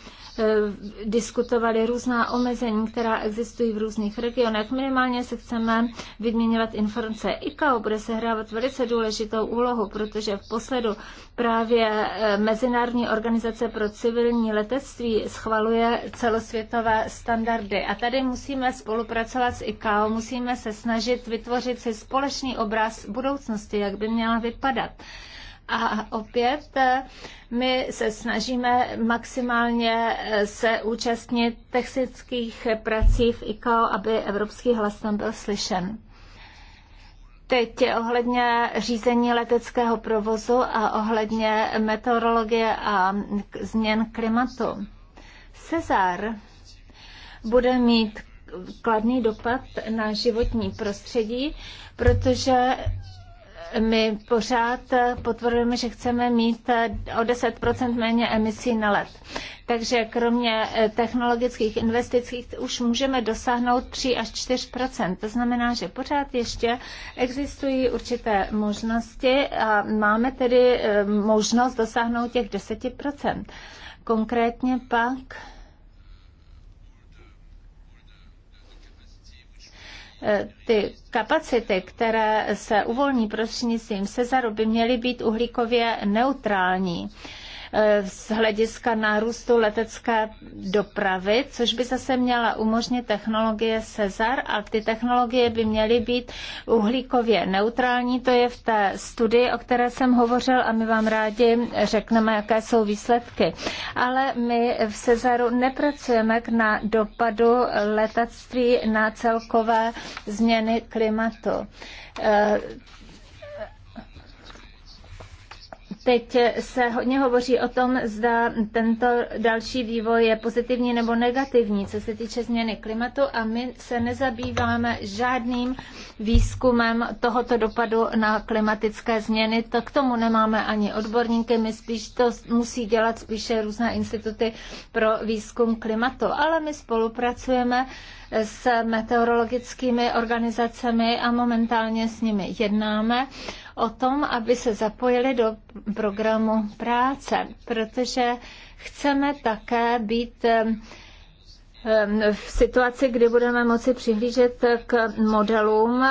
diskutovali různá omezení, která existují v různých regionech. Minimálně se chceme vyměňovat informace. ICAO bude sehrávat velice důležitou úlohu, protože v posledu právě e, Mezinárodní organizace pro civilní letectví schvaluje celosvětové standardy. A tady musíme spolupracovat s ICAO, musíme se snažit vytvořit si společný obraz budoucnosti, jak by měla vypadat. A opět eh, my se snažíme maximálně eh, se účastnit technických prací v ICAO, aby evropský hlas tam byl slyšen. Teď ohledně řízení leteckého provozu a ohledně meteorologie a změn klimatu. Cezar bude mít kladný dopad na životní prostředí, protože my pořád potvrdujeme, že chceme mít o 10% méně emisí na let. Takže kromě eh, technologických investic už můžeme dosáhnout 3 až 4 To znamená, že pořád ještě existují určité možnosti a máme tedy eh, možnost dosáhnout těch 10 Konkrétně pak ty kapacity, které se uvolní prostřednictvím Sezaru, by měly být uhlíkově neutrální. Eh, z hlediska nárůstu letecké dopravy, což by zase měla umožnit technologie Cezar a ty technologie by měly být uhlíkově neutrální. To je v té studii, o které jsem hovořil a my vám rádi řekneme, jaké jsou výsledky. Ale my v Cezaru nepracujeme na dopadu letectví na celkové změny klimatu eh, Teď se hodně hovoří o tom, zda tento další vývoj je pozitivní nebo negativní, co se týče změny klimatu a my se nezabýváme žádným výzkumem tohoto dopadu na klimatické změny. To k tomu nemáme ani odborníky, my spíš to musí dělat spíše různé instituty pro výzkum klimatu, ale my spolupracujeme s meteorologickými organizacemi a momentálně s nimi jednáme o tom, aby se zapojili do programu práce, protože chceme také být v situaci, kdy budeme moci přihlížet k modelům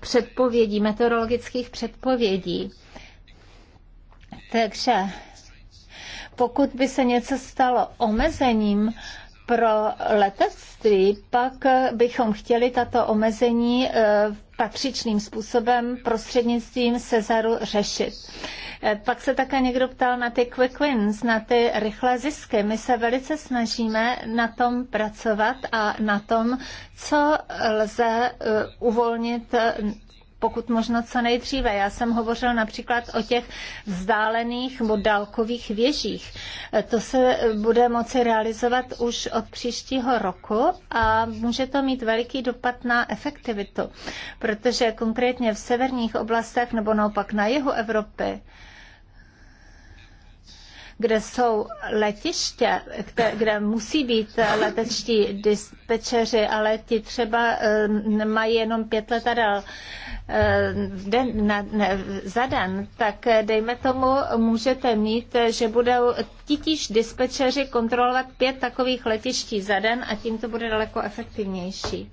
předpovědí, meteorologických předpovědí. Takže pokud by se něco stalo omezením pro letectví, pak bychom chtěli tato omezení eh, patřičným způsobem prostřednictvím Cezaru řešit. Eh, pak se také někdo ptal na ty quick wins, na ty rychlé zisky. My se velice snažíme na tom pracovat a na tom, co lze eh, uvolnit eh, pokud možno co nejdříve. Já jsem hovořil například o těch vzdálených nebo dálkových věžích. E, to se bude moci realizovat už od příštího roku a může to mít veliký dopad na efektivitu, protože konkrétně v severních oblastech nebo naopak na jihu Evropy kde jsou letiště, kde, kde musí být letečtí dispečeři, ale ti třeba e, mají jenom pět letadel Eh, den, na, na, za den, tak eh, dejme tomu, můžete mít, eh, že budou titíž dispečeři kontrolovat pět takových letiští za den a tím to bude daleko efektivnější.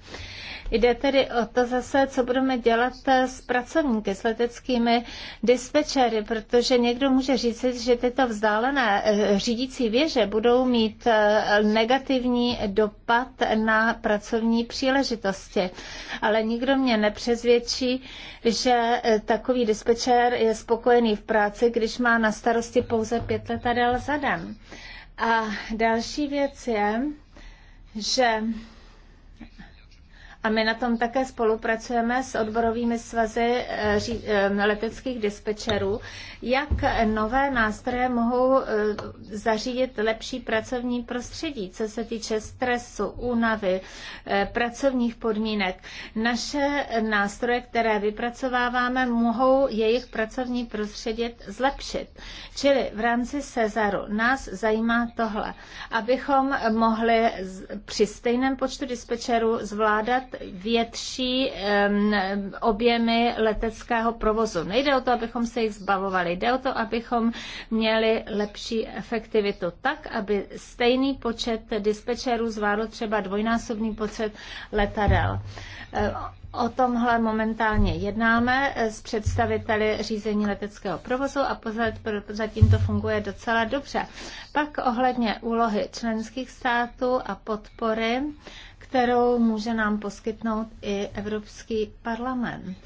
Jde tedy o to zase, co budeme dělat eh, s pracovníky, s leteckými dispečery, protože někdo může říct, že tyto vzdálené eh, řídící věže budou mít eh, negativní dopad na pracovní příležitosti. Ale nikdo mě nepřezvědčí, že takový dispečer je spokojený v práci, když má na starosti pouze pět letadel za den. A další věc je, že a my na tom také spolupracujeme s odborovými svazy eh, eh, leteckých dispečerů, jak nové nástroje mohou eh, zařídit lepší pracovní prostředí, co se týče stresu, únavy, pracovních podmínek. Naše nástroje, které vypracováváme, mohou jejich pracovní prostředí zlepšit. Čili v rámci Cezaru nás zajímá tohle, abychom mohli při stejném počtu dispečerů zvládat větší objemy leteckého provozu. Nejde o to, abychom se jich zbavovali, jde o to, abychom měli lepší efektivitu tak, aby stejný počet dispečerů zvládl třeba dvojnásobný počet letadel. Eh, o tomhle momentálně jednáme s představiteli řízení leteckého provozu a zatím to funguje docela dobře. Pak ohledně úlohy členských států a podpory kterou může nám poskytnout i Evropský parlament.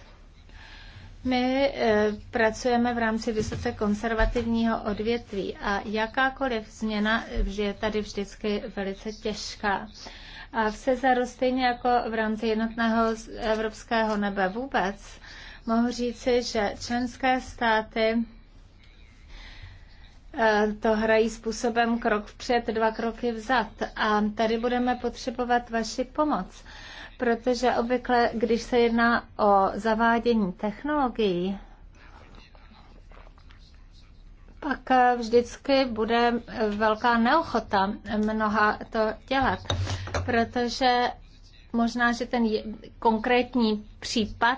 My eh, pracujeme v rámci vysoce konzervativního odvětví a jakákoliv změna je tady vždycky velice těžká. A v Cezaru stejně jako v rámci jednotného evropského nebe vůbec, mohu říci, že členské státy Eh, to hrají způsobem krok vpřed, dva kroky vzad. A tady budeme potřebovat vaši pomoc, protože obvykle, když se jedná o zavádění technologií, pak eh, vždycky bude eh, velká neochota mnoha to dělat, protože možná, že ten konkrétní případ,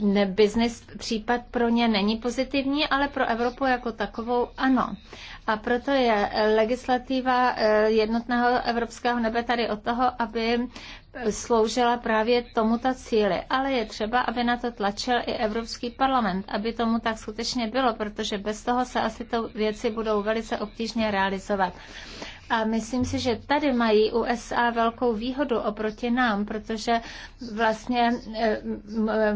ne, business případ pro ně není pozitivní, ale pro Evropu jako takovou ano. A proto je eh, legislativa eh, jednotného evropského nebe tady od toho, aby eh, sloužila právě tomu ta cíli. Ale je třeba, aby na to tlačil i Evropský parlament, aby tomu tak skutečně bylo, protože bez toho se asi to věci budou velice obtížně realizovat. A myslím si, že tady mají USA velkou výhodu oproti nám, protože vlastně eh,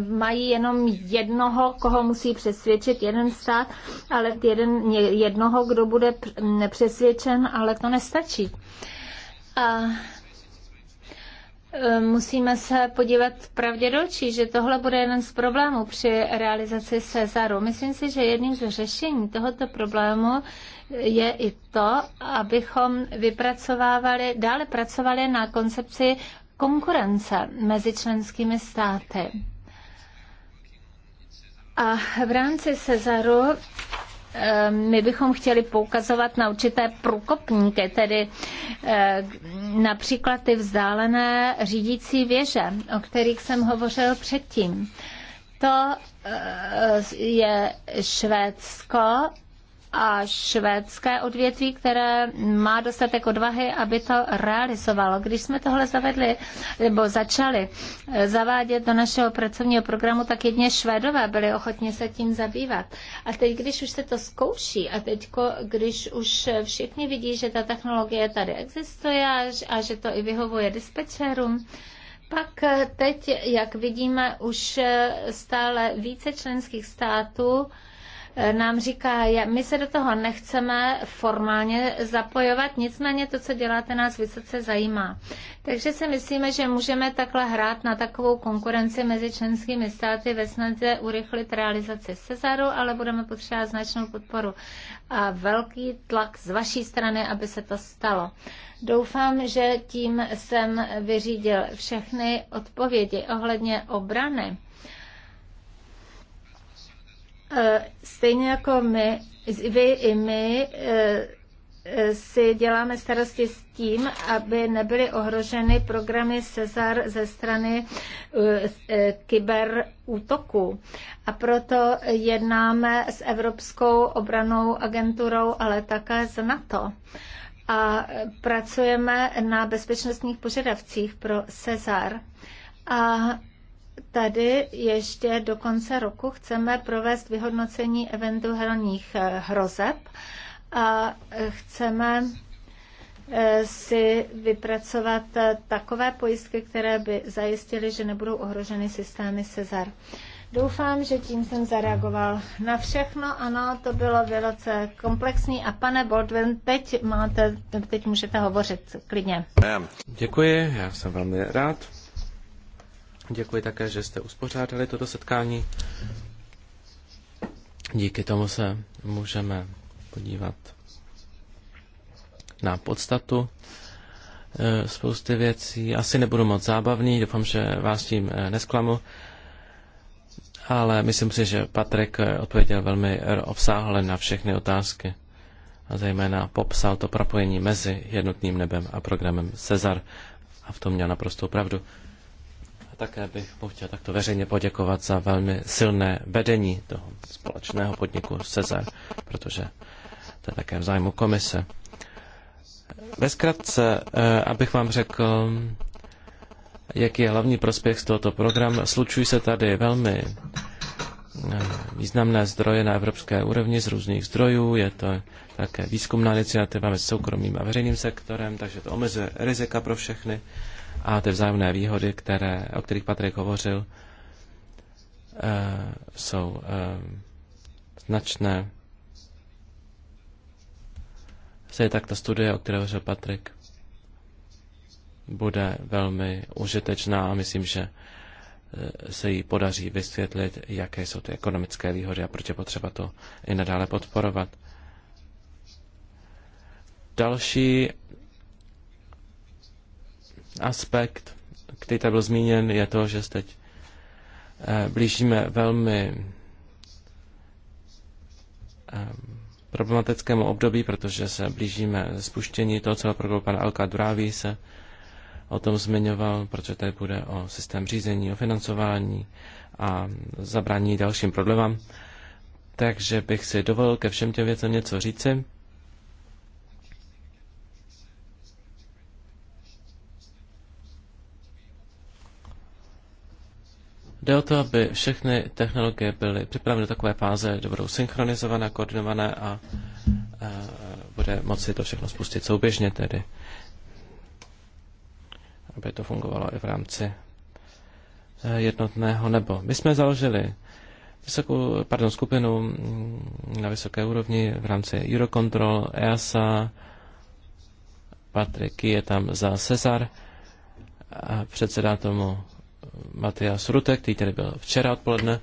mají jenom jednoho, koho musí přesvědčit jeden stát, ale jeden, jednoho, kdo bude přesvědčen, ale to nestačí. A Eh, musíme se podívat pravdě do očí, že tohle bude jeden z problémů při realizaci Cezaru. Myslím si, že jedním z řešení tohoto problému je i to, abychom vypracovávali, dále pracovali na koncepci konkurence mezi členskými státy. A v rámci Cezaru Ehm, my bychom chtěli poukazovat na určité průkopníky, tedy ehm, například ty vzdálené řídící věže, o kterých jsem hovořil předtím. To ehm, je Švédsko a švédské odvětví, které má dostatek odvahy, aby to realizovalo. Když jsme tohle zavedli, nebo začali eh, zavádět do našeho pracovního programu, tak jedně švédové byli ochotni se tím zabývat. A teď, když už se to zkouší a teď, když už všichni vidí, že ta technologie tady existuje a že to i vyhovuje dispečerům, pak eh, teď, jak vidíme, už eh, stále více členských států nám říká, my se do toho nechceme formálně zapojovat, nicméně to, co děláte, nás vysoce zajímá. Takže si myslíme, že můžeme takhle hrát na takovou konkurenci mezi členskými státy ve snaze urychlit realizaci Cezaru, ale budeme potřebovat značnou podporu a velký tlak z vaší strany, aby se to stalo. Doufám, že tím jsem vyřídil všechny odpovědi ohledně obrany. Eh, stejně jako my, vy i my, eh, eh, si děláme starosti s tím, aby nebyly ohroženy programy Cezar ze strany kyberútoku. A proto jednáme s Evropskou obranou agenturou, ale také s NATO. A pracujeme na bezpečnostních požadavcích pro Cezar. A tady ještě do konce roku chceme provést vyhodnocení eventuálních eh, hrozeb a eh, chceme eh, si vypracovat takové pojistky, které by zajistily, že nebudou ohroženy systémy Cezar. Doufám, že tím jsem zareagoval na všechno. Ano, to bylo velice komplexní. A pane Baldwin, teď, máte, teď můžete hovořit klidně. Děkuji, já jsem velmi rád. Děkuji také, že jste uspořádali toto setkání. Díky tomu se můžeme podívat na podstatu e, spousty věcí. Asi nebudu moc zábavný, doufám, že vás tím e, nesklamu, ale myslím si, že Patrik e, odpověděl velmi obsáhle na všechny otázky a zejména popsal to propojení mezi jednotným nebem a programem Cezar a v tom měl naprostou pravdu. Také bych mu chtěl takto veřejně poděkovat za velmi silné vedení toho společného podniku Cezar, protože to je také v zájmu komise. Ve zkratce, eh, abych vám řekl, jaký je hlavní prospěch z tohoto programu, slučují se tady velmi Eh, významné zdroje na evropské úrovni z různých zdrojů, je to také výzkumná iniciativa mezi soukromým a veřejným sektorem, takže to omezuje rizika pro všechny a ty vzájemné výhody, které, o kterých Patrik hovořil, eh, jsou eh, značné. Se tak ta studie, o které hovořil Patrik, bude velmi užitečná a myslím, že Eh, se jí podaří vysvětlit, jaké jsou ty ekonomické výhody a proč je potřeba to i nadále podporovat. Další aspekt, který tady byl zmíněn, je to, že se teď eh, blížíme velmi eh, problematickému období, protože se blížíme spuštění toho, celého programu pana Alka Duráví se o tom zmiňoval, protože tady bude o systém řízení, o financování a zabrání dalším prodlevám. Takže bych si dovolil ke všem těm věcem něco říci. Jde o to, aby všechny technologie byly připraveny do takové fáze, kde budou synchronizované, koordinované a, a bude moci to všechno spustit souběžně tedy aby to fungovalo i v rámci eh, jednotného nebo. My jsme založili vysokou, pardon, skupinu mm, na vysoké úrovni v rámci Eurocontrol, EASA, Patrik je tam za Cesar, a předsedá tomu Matias Rutek, který tady byl včera odpoledne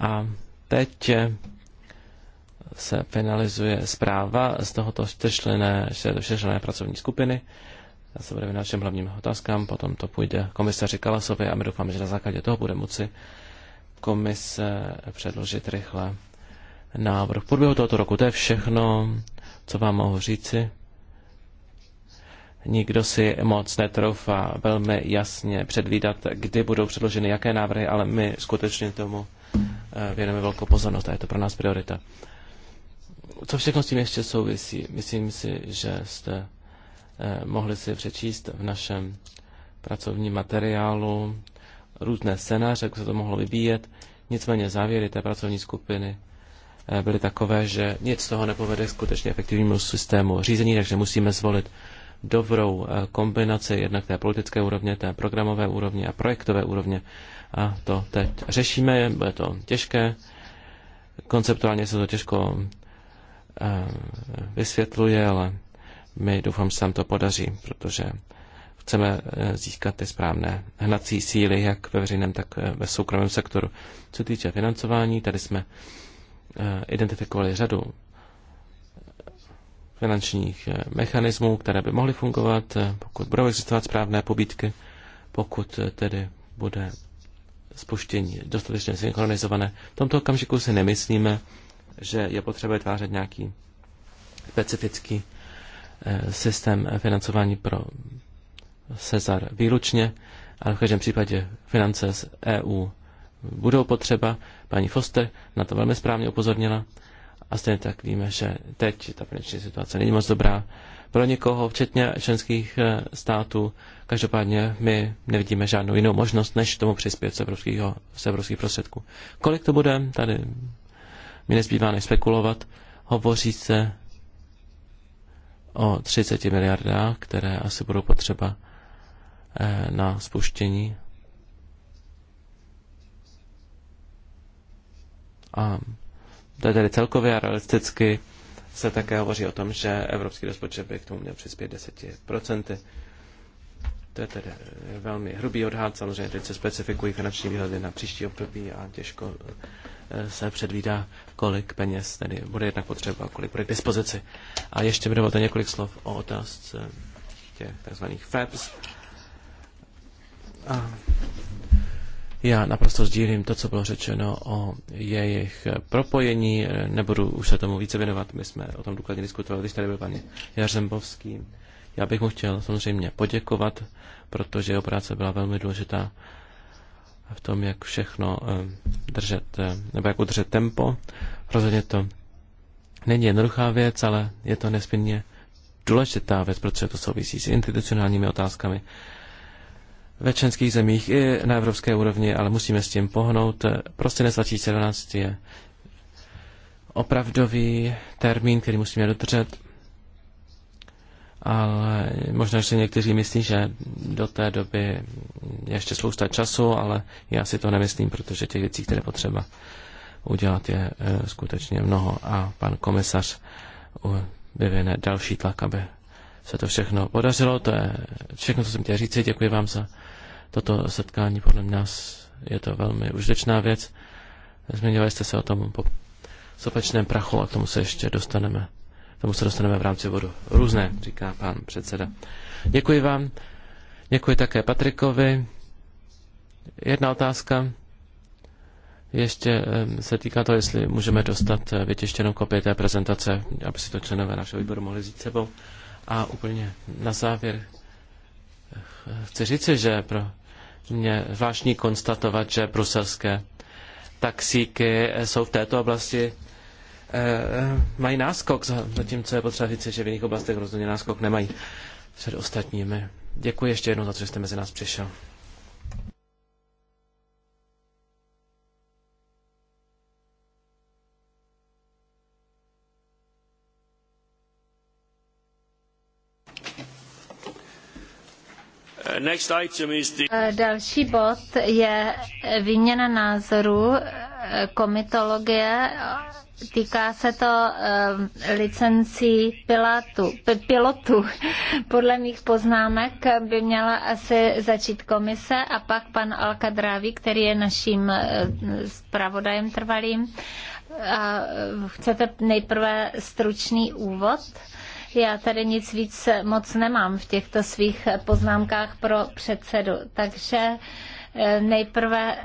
a teď eh, se finalizuje zpráva z tohoto čtyřčlené pracovní skupiny já se bude věnovat všem hlavním otázkám, potom to půjde komisaři Kalasovi a my doufáme, že na základě toho bude moci komise předložit rychle návrh. V průběhu tohoto roku to je všechno, co vám mohu říci. Nikdo si moc netroufá velmi jasně předvídat, kdy budou předloženy jaké návrhy, ale my skutečně tomu eh, věnujeme velkou pozornost a je to pro nás priorita. Co všechno s tím ještě souvisí? Myslím si, že jste Eh, mohli si přečíst v našem pracovním materiálu různé scénáře, jak se to mohlo vybíjet. Nicméně závěry té pracovní skupiny eh, byly takové, že nic z toho nepovede skutečně efektivnímu systému řízení, takže musíme zvolit dobrou eh, kombinaci jednak té politické úrovně, té programové úrovně a projektové úrovně. A to teď řešíme, bude to těžké, konceptuálně se to těžko vysvětluje, ale my doufám, že se nám to podaří, protože chceme eh, získat ty správné hnací síly, jak ve veřejném, tak eh, ve soukromém sektoru. Co týče financování, tady jsme eh, identifikovali řadu finančních mechanismů, které by mohly fungovat, pokud budou existovat správné pobídky, pokud tedy bude spuštění dostatečně synchronizované. V tomto okamžiku si nemyslíme, že je potřeba vytvářet nějaký specifický systém financování pro Cezar výlučně, ale v každém případě finance z EU budou potřeba. Paní Foster na to velmi správně upozornila. A stejně tak víme, že teď ta finanční situace není moc dobrá pro někoho, včetně členských eh, států. Každopádně my nevidíme žádnou jinou možnost, než tomu přispět z, evropského, z evropských prostředků. Kolik to bude, tady mi nezbývá než spekulovat. Hovoří se o 30 miliardách, které asi budou potřeba eh, na spuštění. A to je tedy celkově a realisticky se také hovoří o tom, že evropský rozpočet by k tomu měl přispět 10%. To je tedy eh, velmi hrubý odhad, samozřejmě teď se specifikují finanční výhledy na příští období a těžko eh, se předvídá, kolik peněz tedy bude jednak potřeba, kolik bude k dispozici. A ještě mi dovolte několik slov o otázce těch tzv. FEPS. A já naprosto sdílím to, co bylo řečeno o jejich propojení, nebudu už se tomu více věnovat, my jsme o tom důkladně diskutovali, když tady byl pan Jařembovský já bych mu chtěl samozřejmě poděkovat, protože jeho práce byla velmi důležitá v tom, jak všechno eh, držet, eh, nebo jak udržet tempo. Rozhodně to není jednoduchá věc, ale je to nesmírně důležitá věc, protože to souvisí s institucionálními otázkami ve členských zemích i na evropské úrovni, ale musíme s tím pohnout. Prostinec 2017 je opravdový termín, který musíme dodržet ale možná, že někteří myslí, že do té doby je ještě spousta času, ale já si to nemyslím, protože těch věcí, které potřeba udělat, je eh, skutečně mnoho a pan komisař eh, vyvine další tlak, aby se to všechno podařilo. To je všechno, co jsem chtěl říct. Děkuji vám za toto setkání. Podle nás je to velmi užitečná věc. Zmiňovali jste se o tom po sopečném prachu a k tomu se ještě dostaneme tomu se dostaneme v rámci vodu různé, říká pán předseda. Děkuji vám. Děkuji také Patrikovi. Jedna otázka. Ještě se týká toho, jestli můžeme dostat eh, vytěštěnou kopii té prezentace, aby si to členové našeho výboru mohli vzít sebou. A úplně na závěr eh, chci říci, že pro mě zvláštní konstatovat, že bruselské taxíky eh, jsou v této oblasti Eh, mají náskok, zatímco je potřeba říct, že v jiných oblastech rozhodně náskok nemají před ostatními. Děkuji ještě jednou za to, že jste mezi nás přišel. Eh, eh, další bod je výměna názorů komitologie. Týká se to eh, licencí pilotu. pilotu. Podle mých poznámek by měla asi začít komise a pak pan Alkadrávi, který je naším eh, zpravodajem trvalým. A eh, chcete nejprve stručný úvod? Já tady nic víc moc nemám v těchto svých poznámkách pro předsedu, takže nejprve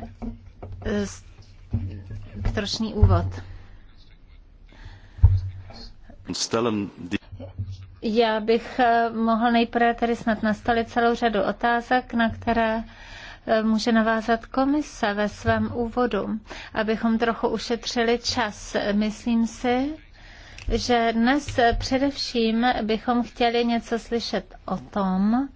Stručný úvod. Já bych eh, mohl nejprve tady snad nastavit celou řadu otázek, na které eh, může navázat komise ve svém úvodu, abychom trochu ušetřili čas. Myslím si, že dnes eh, především bychom chtěli něco slyšet o tom,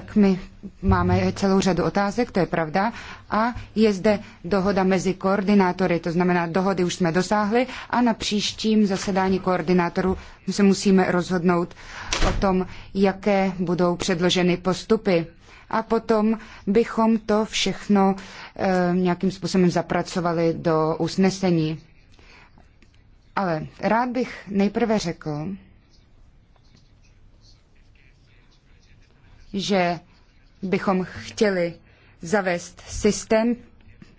tak my máme celou řadu otázek, to je pravda, a je zde dohoda mezi koordinátory, to znamená, dohody už jsme dosáhli a na příštím zasedání koordinátorů se musíme rozhodnout o tom, jaké budou předloženy postupy. A potom bychom to všechno e, nějakým způsobem zapracovali do usnesení. Ale rád bych nejprve řekl, že bychom chtěli zavést systém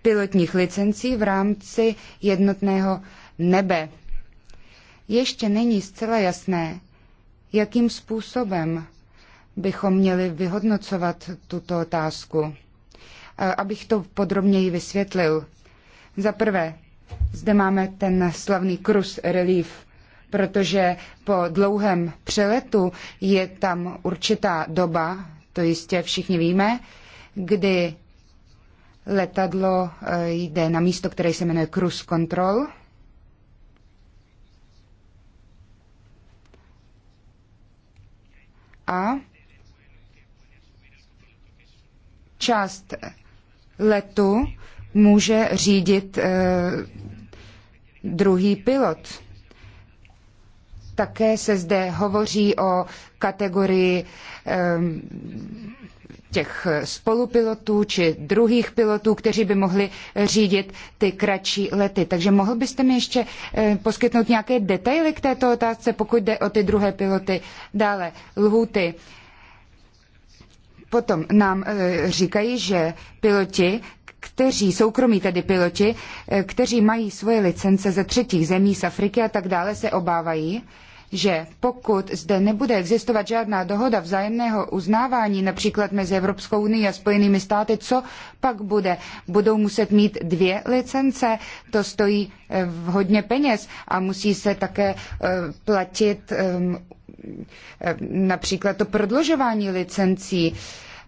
pilotních licencí v rámci jednotného nebe. Ještě není zcela jasné, jakým způsobem bychom měli vyhodnocovat tuto otázku. Abych to podrobněji vysvětlil. Za prvé, zde máme ten slavný krus relief protože po dlouhém přeletu je tam určitá doba, to jistě všichni víme, kdy letadlo eh, jde na místo, které se jmenuje cruise control. A část letu může řídit eh, druhý pilot. Také se zde hovoří o kategorii těch spolupilotů či druhých pilotů, kteří by mohli řídit ty kratší lety. Takže mohl byste mi ještě eh, poskytnout nějaké detaily k této otázce, pokud jde o ty druhé piloty. Dále, lhuty. Potom nám eh, říkají, že piloti kteří, soukromí tedy piloti, eh, kteří mají svoje licence ze třetích zemí z Afriky a tak dále, se obávají, že pokud zde nebude existovat žádná dohoda vzájemného uznávání, například mezi Evropskou unii a Spojenými státy, co pak bude? Budou muset mít dvě licence, to stojí eh, hodně peněz a musí se také eh, platit ehm, například to prodlužování licencí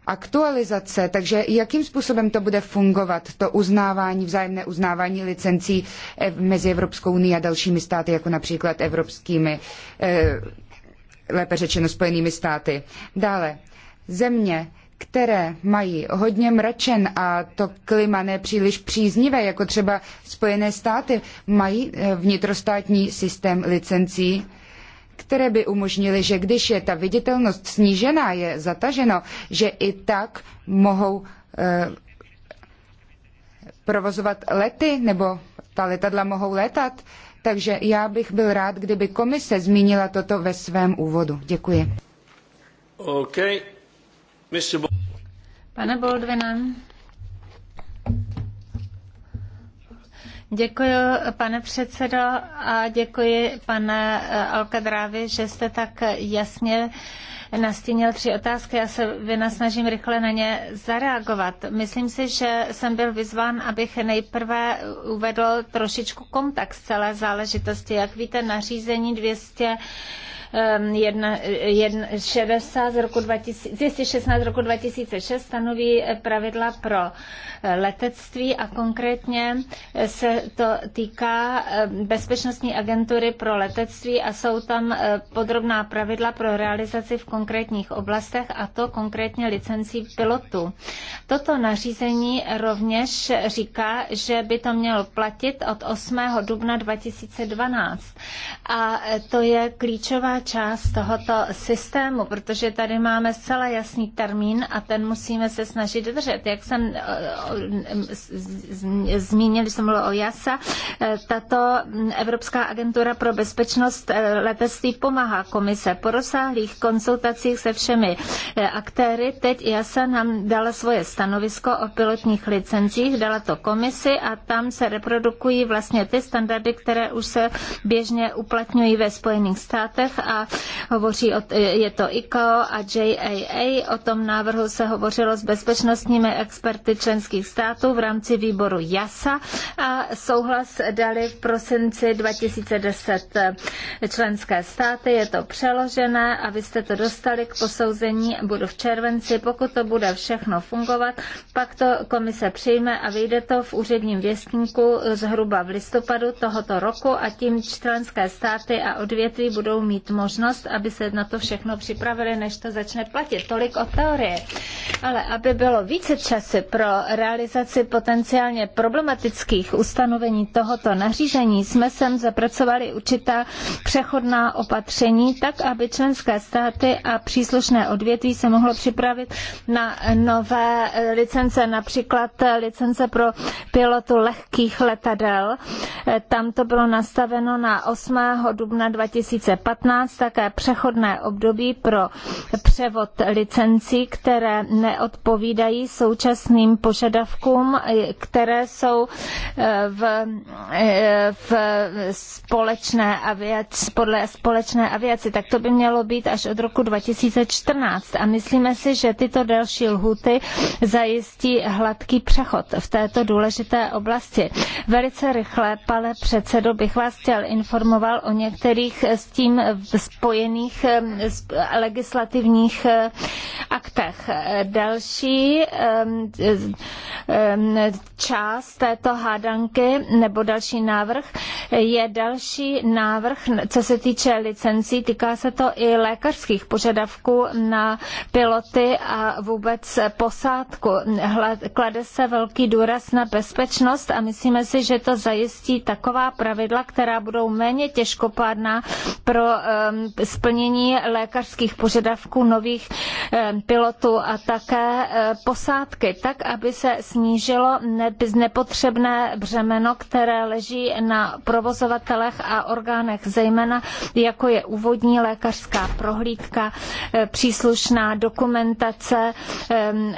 aktualizace, takže jakým způsobem to bude fungovat, to uznávání, vzájemné uznávání licencí eh, mezi Evropskou unii a dalšími státy, jako například evropskými, eh, lépe řečeno spojenými státy. Dále, země, které mají hodně mračen a to klima nepříliš příznivé, jako třeba Spojené státy, mají eh, vnitrostátní systém licencí které by umožnily, že když je ta viditelnost snížená, je zataženo, že i tak mohou e, provozovat lety nebo ta letadla mohou létat. Takže já bych byl rád, kdyby komise zmínila toto ve svém úvodu. Děkuji. Okay. Mr. Pane Boldvina. Děkuji, pane předsedo, a děkuji, pane eh, Alkadrávi, že jste tak jasně nastínil tři otázky. Já se vynasnažím rychle na ně zareagovat. Myslím si, že jsem byl vyzván, abych nejprve uvedl trošičku kontext celé záležitosti. Jak víte, nařízení 200 60 ehm, z roku 2016 z roku 2006 stanoví eh, pravidla pro eh, letectví a konkrétně eh, se to týká ehm, Bezpečnostní agentury pro letectví a jsou tam podrobná pravidla pro realizaci v konkrétních oblastech a to konkrétně licencí pilotů. Toto nařízení rovněž říká, že by to mělo platit od 8. dubna 2012 a to je klíčová část tohoto systému, protože tady máme zcela jasný termín a ten musíme se snažit dodržet. Jak jsem eh, eh, eh, zmínil, když jsem mluvil o JASA, tato Evropská agentura pro bezpečnost letectví pomáhá komise. Po rozsáhlých konzultacích se všemi aktéry teď JASA nám dala svoje stanovisko o pilotních licencích, dala to komisi a tam se reprodukují vlastně ty standardy, které už se běžně uplatňují ve Spojených státech a hovoří o, je to ICAO a JAA. O tom návrhu se hovořilo s bezpečnostními experty členských států v rámci výboru JASA a souhlas dali v prosinci 2010 členské státy. Je to přeložené a vy jste to dostali k posouzení, budu v červenci. Pokud to bude všechno fungovat, pak to komise přijme a vyjde to v úředním věstníku zhruba v listopadu tohoto roku a tím členské státy a odvětví budou mít možnost, aby se na to všechno připravili, než to začne platit. Tolik o teorie. Ale aby bylo více času pro realizaci potenciálně problematických ustanovení tohoto nařízení, jsme sem zapracovali určitá přechodná opatření, tak aby členské státy a příslušné odvětví se mohlo připravit na nové licence, například licence pro pilotu lehkých letadel. Tam to bylo nastaveno na 8. dubna 2015 nás také přechodné období pro převod licencí, které neodpovídají současným požadavkům, které jsou eh, v, eh, v společné aviaci, podle společné aviaci. Tak to by mělo být až od roku 2014. A myslíme si, že tyto další lhuty zajistí hladký přechod v této důležité oblasti. Velice rychle, pane předsedo, bych vás chtěl informovat o některých s tím spojených legislativních eh, aktech. Další část této hádanky nebo další návrh je další návrh, co se týče licencí. Týká se to i lékařských požadavků na piloty a vůbec posádku. Klade se velký důraz na bezpečnost a myslíme si, že to zajistí taková pravidla, která budou méně těžkopádná pro eh, Um, splnění lékařských požadavků nových um, pilotů a také uh, posádky, tak, aby se snížilo nepotřebné břemeno, které leží na provozovatelech a orgánech, zejména jako je úvodní lékařská prohlídka, uh, příslušná dokumentace, um,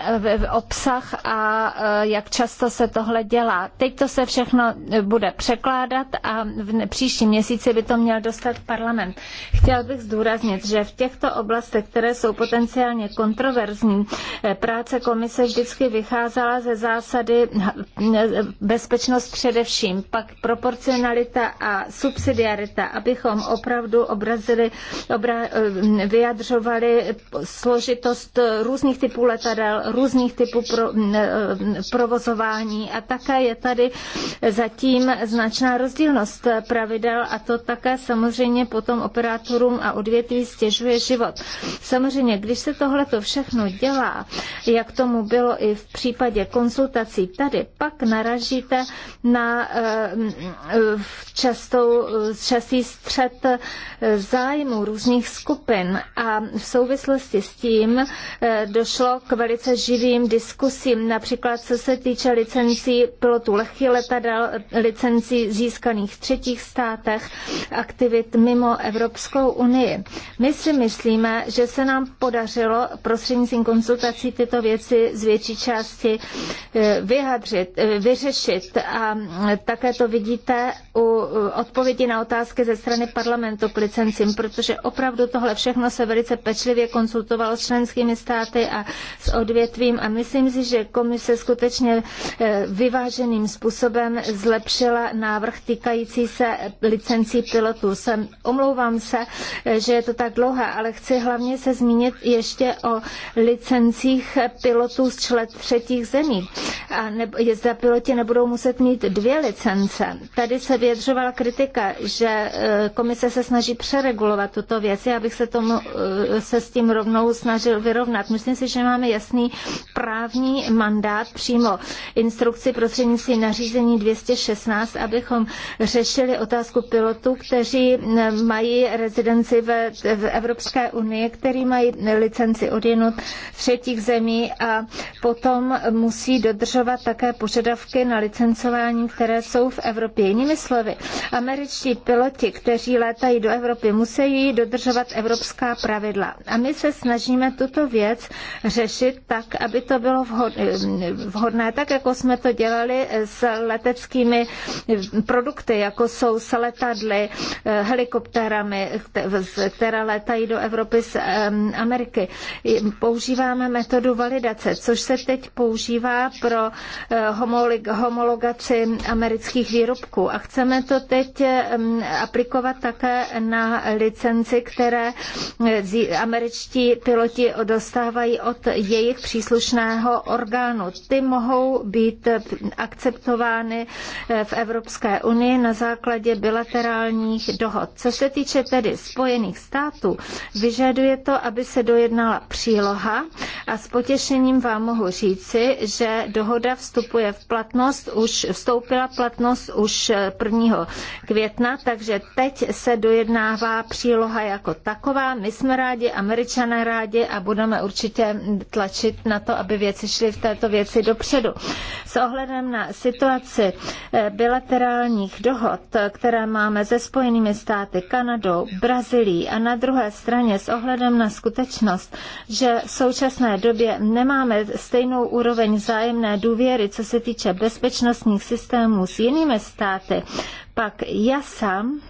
obsah a uh, jak často se tohle dělá. Teď to se všechno bude překládat a v příštím měsíci by to měl dostat parlament. Chtěl bych zdůraznit, že v těchto oblastech, které jsou potenciálně kontroverzní, eh, práce komise vždycky vycházela ze zásady hm, eh, bezpečnost především, pak proporcionalita a subsidiarita, abychom opravdu obrazili, obra, hm, vyjadřovali složitost různých typů letadel, různých typů pro, hm, eh, provozování a také je tady zatím značná rozdílnost pravidel a to také samozřejmě potom operátor sektorům a odvětví stěžuje život. Samozřejmě, když se tohle to všechno dělá, jak tomu bylo i v případě konzultací tady, pak naražíte na eh, častou, častý střed eh, zájmu různých skupin a v souvislosti s tím eh, došlo k velice živým diskusím, například co se týče licencí pilotů lehkých letadel, licencí získaných v třetích státech, aktivit mimo Evropskou Evropskou unii. My si myslíme, že se nám podařilo prostřednictvím konzultací tyto věci z větší části eh, vyhadřit, eh, vyřešit a eh, také to vidíte u odpovědi na otázky ze strany parlamentu k licencím, protože opravdu tohle všechno se velice pečlivě konzultovalo s členskými státy a s odvětvím a myslím si, že komise skutečně vyváženým způsobem zlepšila návrh týkající se licencí pilotů. Jsem, omlouvám se že je to tak dlouhé, ale chci hlavně se zmínit ještě o licencích pilotů z člen třetích zemí. A nebo, zda piloti nebudou muset mít dvě licence. Tady se vyjadřovala kritika, že e, komise se snaží přeregulovat tuto věc. Já bych se, tomu, e, se s tím rovnou snažil vyrovnat. Myslím si, že máme jasný právní mandát přímo instrukci prostřednictvím nařízení 216, abychom řešili otázku pilotů, kteří e, mají rezidenci ve, v Evropské unii, který mají licenci odjenut třetích zemí a potom musí dodržovat také požadavky na licencování, které jsou v Evropě. Jinými slovy, američtí piloti, kteří létají do Evropy, musí dodržovat evropská pravidla. A my se snažíme tuto věc řešit tak, aby to bylo vhodné, tak jako jsme to dělali s leteckými produkty, jako jsou letadly, eh, helikoptérami, která létají do Evropy z Ameriky. Používáme metodu validace, což se teď používá pro eh, homologaci amerických výrobků. A chceme to teď aplikovat také na licenci, které eh, američtí piloti dostávají od jejich příslušného orgánu. Ty mohou být akceptovány eh, v Evropské unii na základě bilaterálních dohod. Co se týče tedy vlády Spojených států, vyžaduje to, aby se dojednala příloha a s potěšením vám mohu říci, že dohoda vstupuje v platnost, už vstoupila platnost už 1. Eh, května, takže teď se dojednává příloha jako taková. My jsme rádi, američané rádi a budeme určitě tlačit na to, aby věci šly v této věci dopředu. S ohledem na situaci eh, bilaterálních dohod, eh, které máme se Spojenými státy, Kanadou, Brazílii a na druhé straně s ohledem na skutečnost, že v současné době nemáme stejnou úroveň vzájemné důvěry, co se týče bezpečnostních systémů s jinými státy, pak sám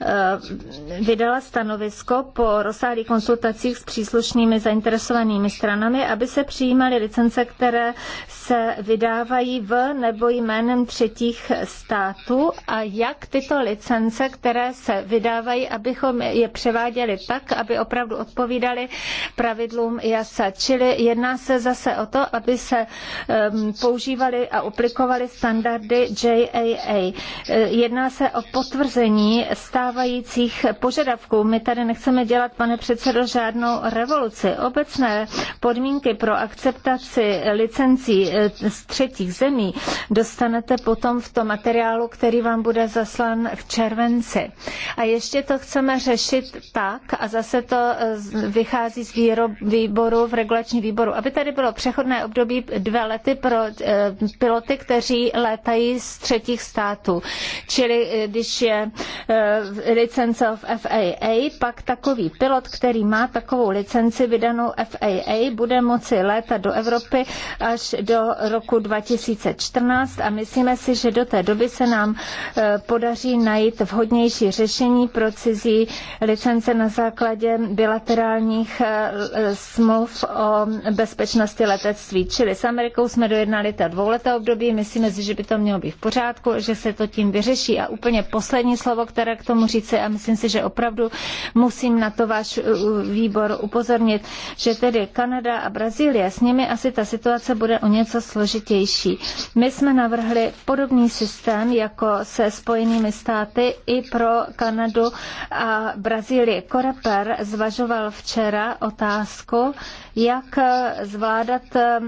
Eh, vydala stanovisko po rozsáhlých konsultacích s příslušnými zainteresovanými stranami, aby se přijímaly licence, které se vydávají v nebo jménem třetích států a jak tyto licence, které se vydávají, abychom je převáděli tak, aby opravdu odpovídaly pravidlům JASA. Čili jedná se zase o to, aby se používaly a aplikovaly standardy JAA. Eh, jedná se o potvrzení států stávajících požadavků. My tady nechceme dělat, pane předsedo, žádnou revoluci. Obecné podmínky pro akceptaci licencí eh, z třetích zemí dostanete potom v tom materiálu, který vám bude zaslan v červenci. A ještě to chceme řešit tak, a zase to eh, vychází z výboru, v regulační výboru, aby tady bylo přechodné období dva lety pro eh, piloty, kteří létají z třetích států. Čili když je licence v FAA, pak takový pilot, který má takovou licenci vydanou FAA, bude moci létat do Evropy až do roku 2014 a myslíme si, že do té doby se nám e, podaří najít vhodnější řešení pro cizí licence na základě bilaterálních e, smluv o bezpečnosti letectví. Čili s Amerikou jsme dojednali ta dvouleté období, myslíme si, že by to mělo být v pořádku, že se to tím vyřeší. A úplně poslední slovo, které k tomu říci a myslím si, že opravdu musím na to váš eh, výbor upozornit, že tedy Kanada a Brazílie, s nimi asi ta situace bude o něco složitější. My jsme navrhli podobný systém jako se Spojenými státy i pro Kanadu a Brazílii. Koreper zvažoval včera otázku, jak eh, zvládat eh,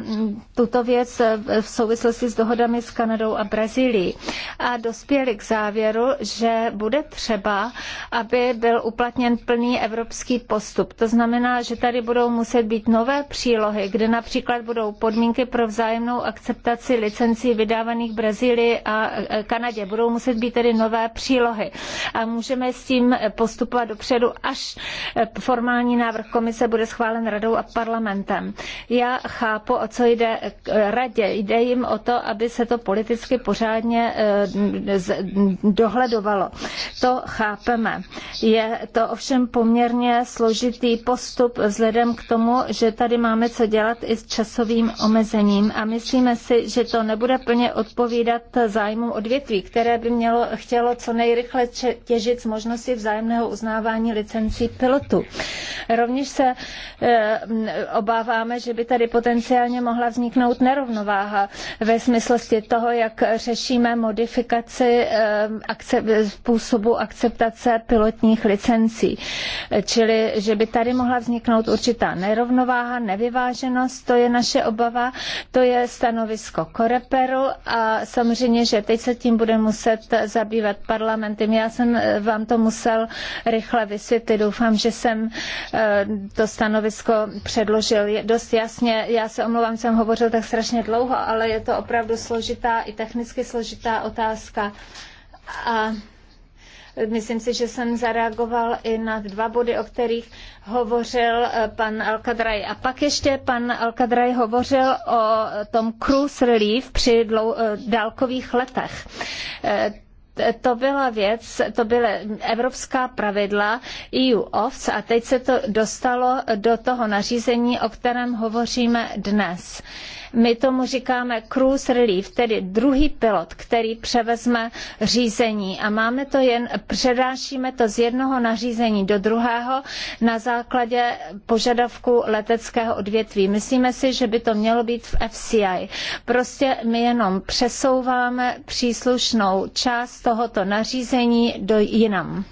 tuto věc v souvislosti s dohodami s Kanadou a Brazílií. A dospěli k závěru, že bude třeba třeba, aby byl uplatněn plný evropský postup. To znamená, že tady budou muset být nové přílohy, kde například budou podmínky pro vzájemnou akceptaci licencí vydávaných Brazílii a e, Kanadě. Budou muset být tedy nové přílohy. A můžeme s tím postupovat dopředu, až e, formální návrh komise bude schválen radou a parlamentem. Já chápu, o co jde radě. Jde jim o to, aby se to politicky pořádně e, dohledovalo. To chápeme. Je to ovšem poměrně složitý postup vzhledem k tomu, že tady máme co dělat i s časovým omezením a myslíme si, že to nebude plně odpovídat zájmu odvětví, které by mělo, chtělo co nejrychle těžit z možnosti vzájemného uznávání licencí pilotů. Rovněž se e, obáváme, že by tady potenciálně mohla vzniknout nerovnováha ve smyslosti toho, jak řešíme modifikaci e, akce, způsobu akce akceptace pilotních licencí. Čili, že by tady mohla vzniknout určitá nerovnováha, nevyváženost, to je naše obava, to je stanovisko Koreperu a samozřejmě, že teď se tím bude muset zabývat parlamentem. Já jsem eh, vám to musel rychle vysvětlit. Doufám, že jsem eh, to stanovisko předložil dost jasně. Já se omlouvám, jsem hovořil tak strašně dlouho, ale je to opravdu složitá, i technicky složitá otázka. A Myslím si, že jsem zareagoval i na dva body, o kterých hovořil eh, pan Alkadraj. A pak ještě pan Alkadraj hovořil o tom cruise relief při dlou, eh, dálkových letech eh, to byla věc, to byla evropská pravidla EU OFS a teď se to dostalo do toho nařízení, o kterém hovoříme dnes. My tomu říkáme cruise relief, tedy druhý pilot, který převezme řízení a máme to jen, předášíme to z jednoho nařízení do druhého na základě požadavku leteckého odvětví. Myslíme si, že by to mělo být v FCI. Prostě my jenom přesouváme příslušnou část tohoto nařízení do jinam.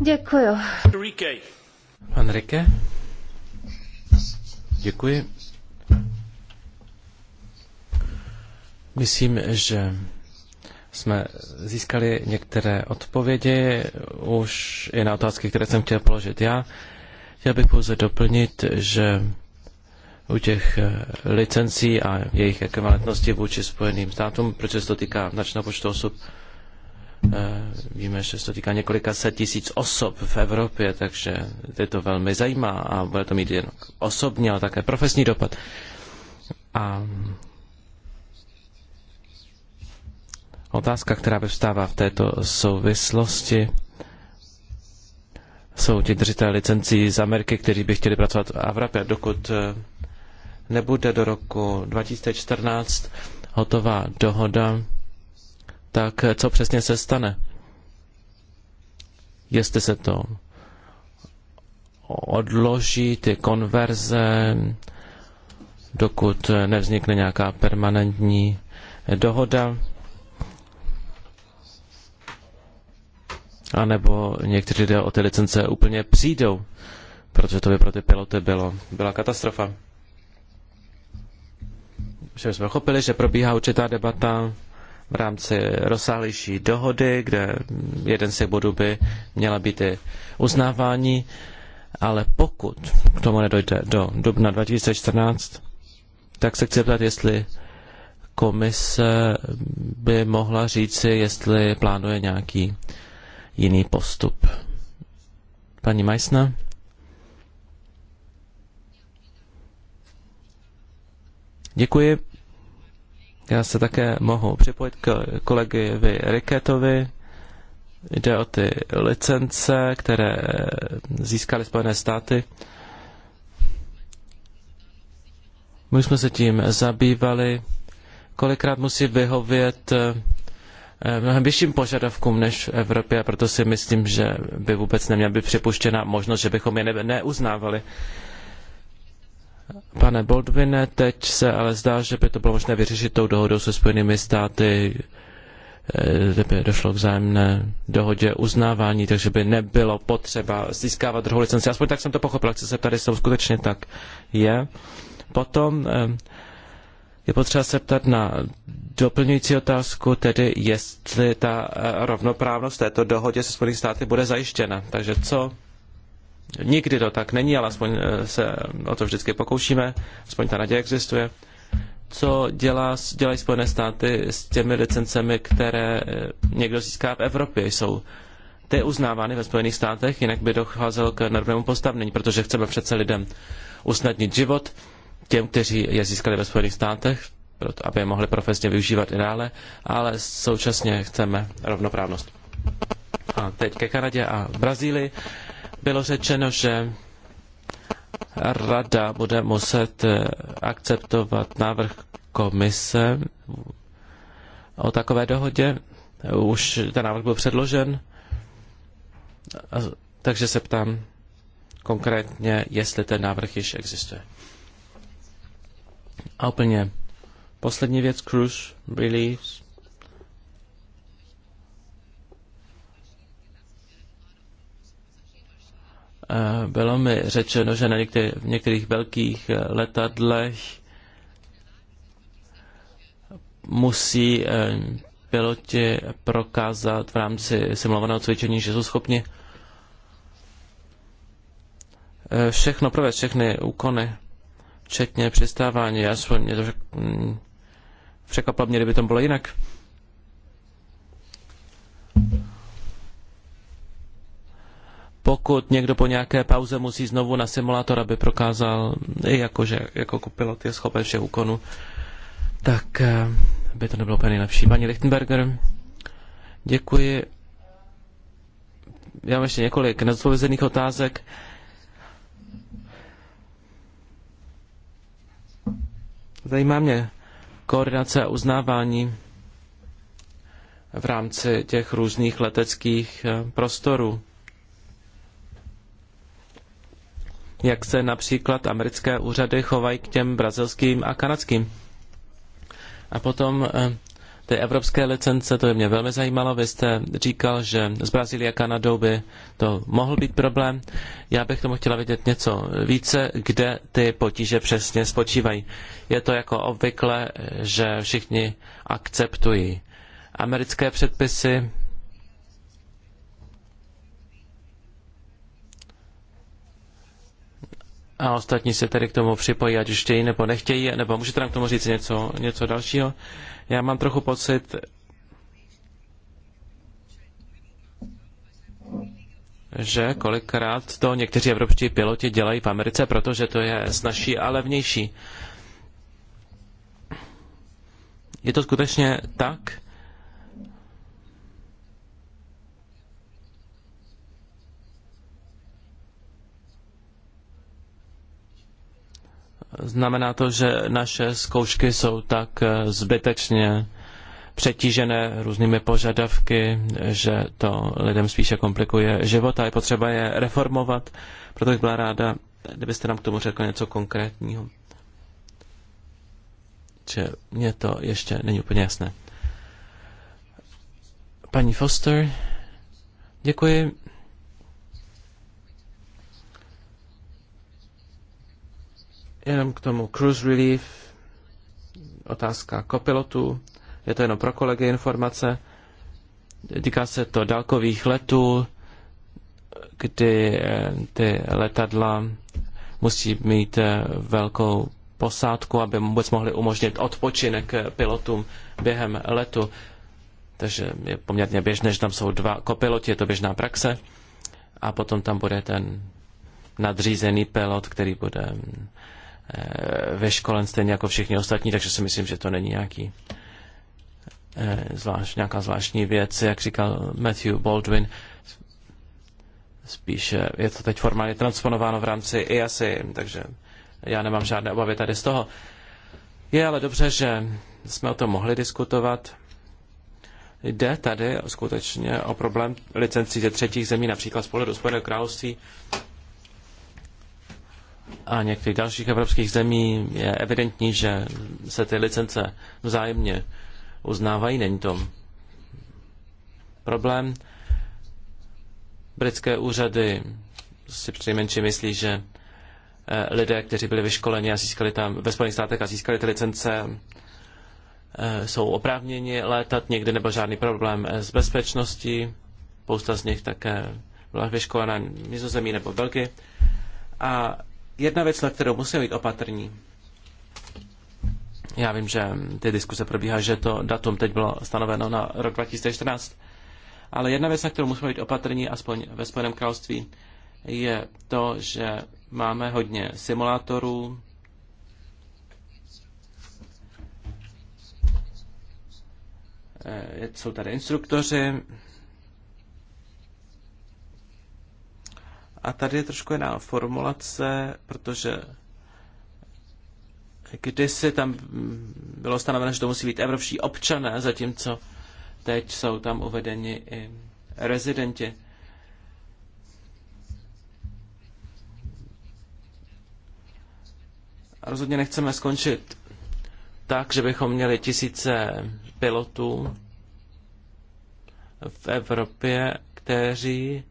Děkuji. Pan Rike. Děkuji. Myslím, že jsme získali některé odpovědi už i na otázky, které jsem chtěl položit já. Chtěl bych pouze doplnit, že u těch licencí a jejich ekvivalentnosti vůči Spojeným státům, protože se to týká značného počtu osob, eh, víme, že se to týká několika set tisíc osob v Evropě, takže je to velmi zajímá a bude to mít jen osobní, ale také profesní dopad. A Otázka, která vyvstává v této souvislosti, jsou ti držitelé licencí z Ameriky, kteří by chtěli pracovat v Evropě, dokud eh, nebude do roku 2014 hotová dohoda, tak eh, co přesně se stane? Jestli se to odloží, ty konverze, dokud eh, nevznikne nějaká permanentní dohoda, anebo někteří lidé o ty licence úplně přijdou, protože to by pro ty piloty bylo, byla katastrofa. Že jsme chopili, že probíhá určitá debata v rámci rozsáhlejší dohody, kde jeden z těch bodů by měla být i uznávání, ale pokud k tomu nedojde do dubna 2014, tak se chci ptát, jestli komise by mohla říci, jestli plánuje nějaký jiný postup. Paní Majsna? Děkuji. Já se také mohu připojit k kolegy Riketovi. Jde o ty licence, které získaly Spojené státy. My jsme se tím zabývali. Kolikrát musí vyhovět Eh, mnohem vyšším požadavkům než v Evropě a proto si myslím, že by vůbec neměla být připuštěna možnost, že bychom je ne- neuznávali. Pane Boldvine, teď se ale zdá, že by to bylo možné vyřešit tou dohodou se Spojenými státy, kde eh, by došlo k zájemné dohodě uznávání, takže by nebylo potřeba získávat druhou licenci. Aspoň tak jsem to pochopil, chci se tady, jestli skutečně tak je. Potom eh, je potřeba se ptat na doplňující otázku, tedy jestli ta eh, rovnoprávnost této dohodě se Spojenými státy bude zajištěna. Takže co? Nikdy to tak není, ale aspoň eh, se o to vždycky pokoušíme, aspoň ta naděje existuje. Co dělá, dělají Spojené státy s těmi licencemi, které eh, někdo získá v Evropě? Jsou ty uznávány ve Spojených státech, jinak by docházelo k nervnému postavení, protože chceme přece lidem usnadnit život těm, kteří je získali ve Spojených státech, proto aby je mohli profesně využívat i dále, ale současně chceme rovnoprávnost. A teď ke Kanadě a Brazílii. Bylo řečeno, že rada bude muset eh, akceptovat návrh komise o takové dohodě. Už ten návrh byl předložen, takže se ptám konkrétně, jestli ten návrh již existuje. A úplně poslední věc, cruise eh, reliefs. Bylo mi řečeno, že na některých, v některých velkých eh, letadlech musí eh, piloti prokázat v rámci simulovaného cvičení, že jsou schopni všechno provést, všechny úkony včetně přistávání. Já svoj, mě to mm, překvapilo mě, kdyby to bylo jinak. Pokud někdo po nějaké pauze musí znovu na simulátor, aby prokázal, jako, že, jako pilot je schopen všech úkonů, tak eh, by to nebylo úplně nejlepší. Paní Lichtenberger, děkuji. Já mám ještě několik nezodpovězených otázek. Zajímá mě koordinace a uznávání v rámci těch různých leteckých eh, prostorů. Jak se například americké úřady chovají k těm brazilským a kanadským. A potom eh, Té evropské licence, to mě velmi zajímalo. Vy jste říkal, že z Brazílie a Kanadou by to mohl být problém. Já bych tomu chtěla vidět něco více, kde ty potíže přesně spočívají. Je to jako obvykle, že všichni akceptují americké předpisy, a ostatní se tedy k tomu připojí, ať už chtějí nebo nechtějí, nebo můžete nám k tomu říct něco, něco dalšího. Já mám trochu pocit, že kolikrát to někteří evropští piloti dělají v Americe, protože to je snažší a levnější. Je to skutečně tak? Znamená to, že naše zkoušky jsou tak eh, zbytečně přetížené různými požadavky, že to lidem spíše komplikuje život a je potřeba je reformovat. Proto bych byla ráda, kdybyste nám k tomu řekl něco konkrétního. Že mě to ještě není úplně jasné. Paní Foster, děkuji. Jenom k tomu Cruise Relief, otázka kopilotů, je to jenom pro kolegy informace. Týká se to dálkových letů, kdy eh, ty letadla musí mít eh, velkou posádku, aby vůbec mohli umožnit odpočinek eh, pilotům během letu. Takže je poměrně běžné, že tam jsou dva kopiloti, je to běžná praxe. A potom tam bude ten nadřízený pilot, který bude mm, Eh, vyškolen stejně jako všichni ostatní, takže si myslím, že to není nějaký eh, zvlášť, nějaká zvláštní věc, jak říkal Matthew Baldwin. Spíše eh, je to teď formálně transponováno v rámci IASI, takže já nemám žádné obavy tady z toho. Je ale dobře, že jsme o tom mohli diskutovat. Jde tady skutečně o problém licencí ze třetích zemí, například z pohledu Spojeného království a některých dalších evropských zemí je evidentní, že se ty licence vzájemně uznávají. Není to problém. Britské úřady si přinejmenším myslí, že eh, lidé, kteří byli vyškoleni a získali tam ve Spojených státech a získali ty licence, eh, jsou oprávněni létat, někdy nebyl žádný problém eh, s bezpečností, spousta z nich také byla vyškolena v Nizozemí nebo v Belgii. A jedna věc, na kterou musíme být opatrní. Já vím, že ty diskuse probíhá, že to datum teď bylo stanoveno na rok 2014, ale jedna věc, na kterou musíme být opatrní, aspoň ve Spojeném království, je to, že máme hodně simulátorů, eh, jsou tady instruktoři, A tady je trošku jiná formulace, protože kdysi tam bylo stanoveno, že to musí být evropští občané, zatímco teď jsou tam uvedeni i rezidenti. A rozhodně nechceme skončit tak, že bychom měli tisíce pilotů v Evropě, kteří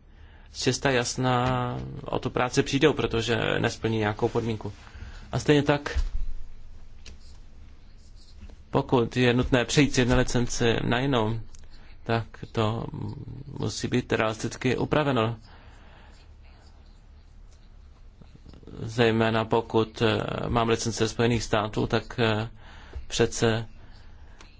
čista jasná o tu práci přijdou, protože nesplní nějakou podmínku. A stejně tak, pokud je nutné přejít z jedné licenci na jinou, tak to musí být realisticky upraveno. Zejména pokud eh, mám licence Spojených států, tak eh, přece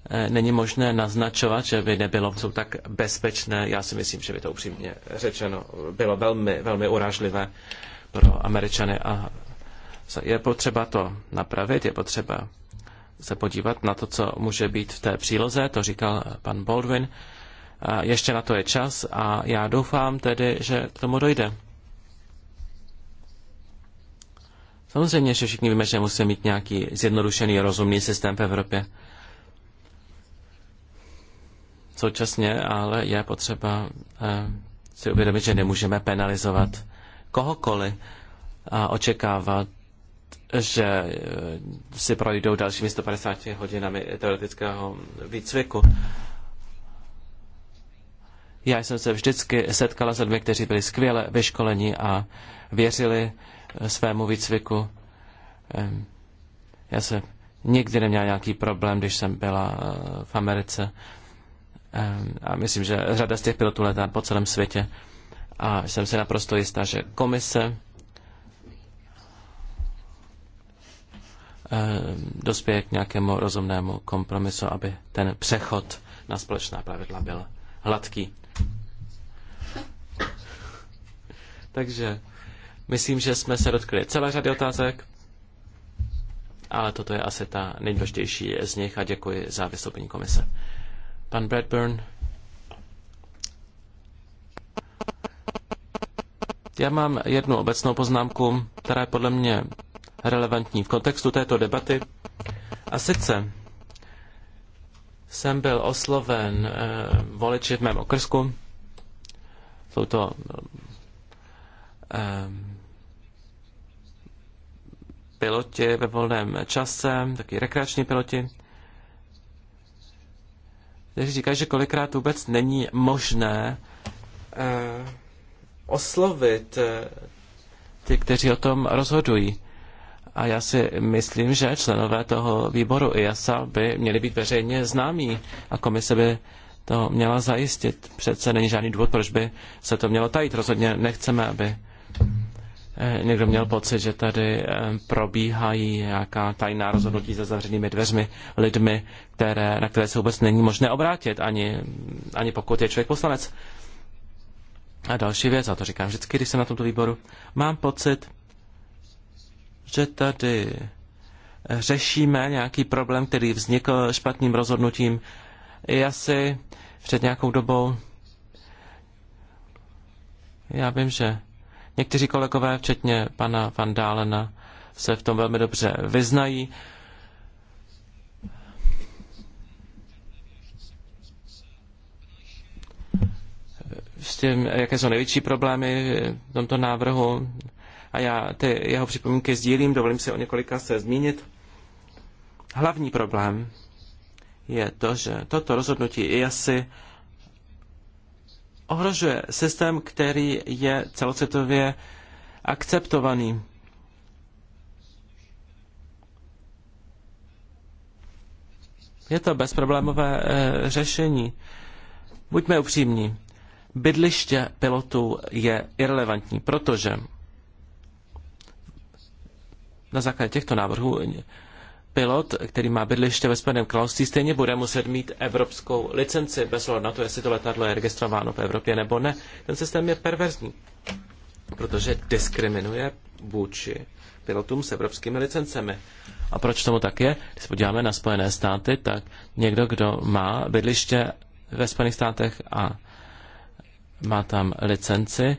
Eh, není možné naznačovat, že by nebylo, jsou tak bezpečné. Já si myslím, že by to upřímně řečeno bylo velmi, velmi urážlivé pro Američany a je potřeba to napravit, je potřeba se podívat na to, co může být v té příloze, to říkal pan Baldwin. A ještě na to je čas a já doufám tedy, že k tomu dojde. Samozřejmě, že všichni víme, že musíme mít nějaký zjednodušený rozumný systém v Evropě. Současně ale je potřeba eh, si uvědomit, že nemůžeme penalizovat kohokoliv a očekávat, že eh, si projdou dalšími 150 hodinami teoretického výcviku. Já jsem se vždycky setkala s lidmi, kteří byli skvěle vyškoleni a věřili eh, svému výcviku. Já jsem nikdy neměla nějaký problém, když jsem byla v Americe. Eh, a myslím, že řada z těch pilotů letá po celém světě. A jsem si naprosto jistá, že komise eh, dospěje k nějakému rozumnému kompromisu, aby ten přechod na společná pravidla byl hladký. Takže myslím, že jsme se dotkli celé řady otázek, ale toto je asi ta nejdůležitější z nich a děkuji za vystoupení komise. Pan Bradburn. Já mám jednu obecnou poznámku, která je podle mě relevantní v kontextu této debaty. A sice jsem byl osloven eh, voliči v mém okrsku. Jsou to eh, piloti ve volném čase, taky rekreační piloti kteří říkají, že kolikrát vůbec není možné eh, oslovit eh, ty, kteří o tom rozhodují. A já si myslím, že členové toho výboru IASA by měli být veřejně známí a komise by to měla zajistit. Přece není žádný důvod, proč by se to mělo tajit. Rozhodně nechceme, aby Eh, někdo měl pocit, že tady eh, probíhají nějaká tajná rozhodnutí za zavřenými dveřmi lidmi, které, na které se vůbec není možné obrátit, ani, ani pokud je člověk poslanec. A další věc, a to říkám vždycky, když jsem na tomto výboru, mám pocit, že tady řešíme nějaký problém, který vznikl špatným rozhodnutím. Já si před nějakou dobou, já vím, že Někteří kolegové, včetně pana Van Dálena, se v tom velmi dobře vyznají. S tím, jaké jsou největší problémy v tomto návrhu a já ty jeho připomínky sdílím, dovolím si o několika se zmínit. Hlavní problém je to, že toto rozhodnutí IASI ohrožuje systém, který je celosvětově akceptovaný. Je to bezproblémové e, řešení. Buďme upřímní. Bydliště pilotů je irrelevantní, protože na základě těchto návrhů pilot, který má bydliště ve Spojeném království, stejně bude muset mít evropskou licenci, bez ohledu na to, jestli to letadlo je registrováno v Evropě nebo ne. Ten systém je perverzní, protože diskriminuje vůči pilotům s evropskými licencemi. A proč tomu tak je? Když se podíváme na Spojené státy, tak někdo, kdo má bydliště ve Spojených státech a má tam licenci,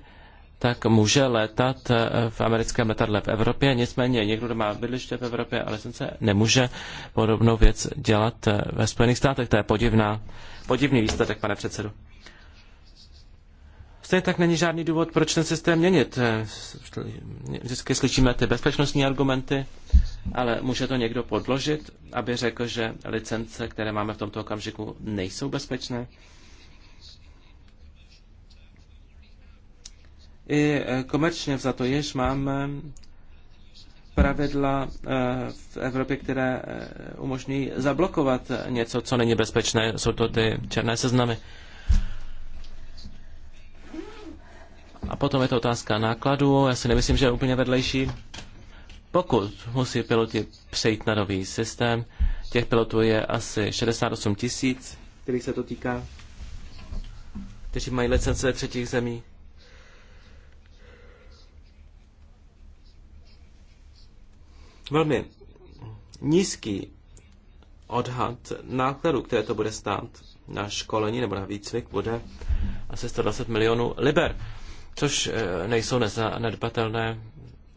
tak může létat eh, v americkém letadle v Evropě. Nicméně někdo, kdo má bydliště v Evropě ale licence, nemůže podobnou věc dělat eh, ve Spojených státech. To je podivná, podivný výsledek, pane předsedu. Stejně tak není žádný důvod, proč ten systém měnit. Eh, vždycky slyšíme ty bezpečnostní argumenty, ale může to někdo podložit, aby řekl, že licence, které máme v tomto okamžiku, nejsou bezpečné. I e, komerčně to již máme pravidla e, v Evropě, které e, umožní zablokovat něco, co není bezpečné. Jsou to ty černé seznamy. A potom je to otázka nákladů. Já si nemyslím, že je úplně vedlejší. Pokud musí piloti přejít na nový systém, těch pilotů je asi 68 tisíc, kterých se to týká, kteří mají licence třetích zemí. velmi nízký odhad nákladů, které to bude stát na školení nebo na výcvik, bude asi 120 milionů liber, což eh, nejsou nezanedbatelné,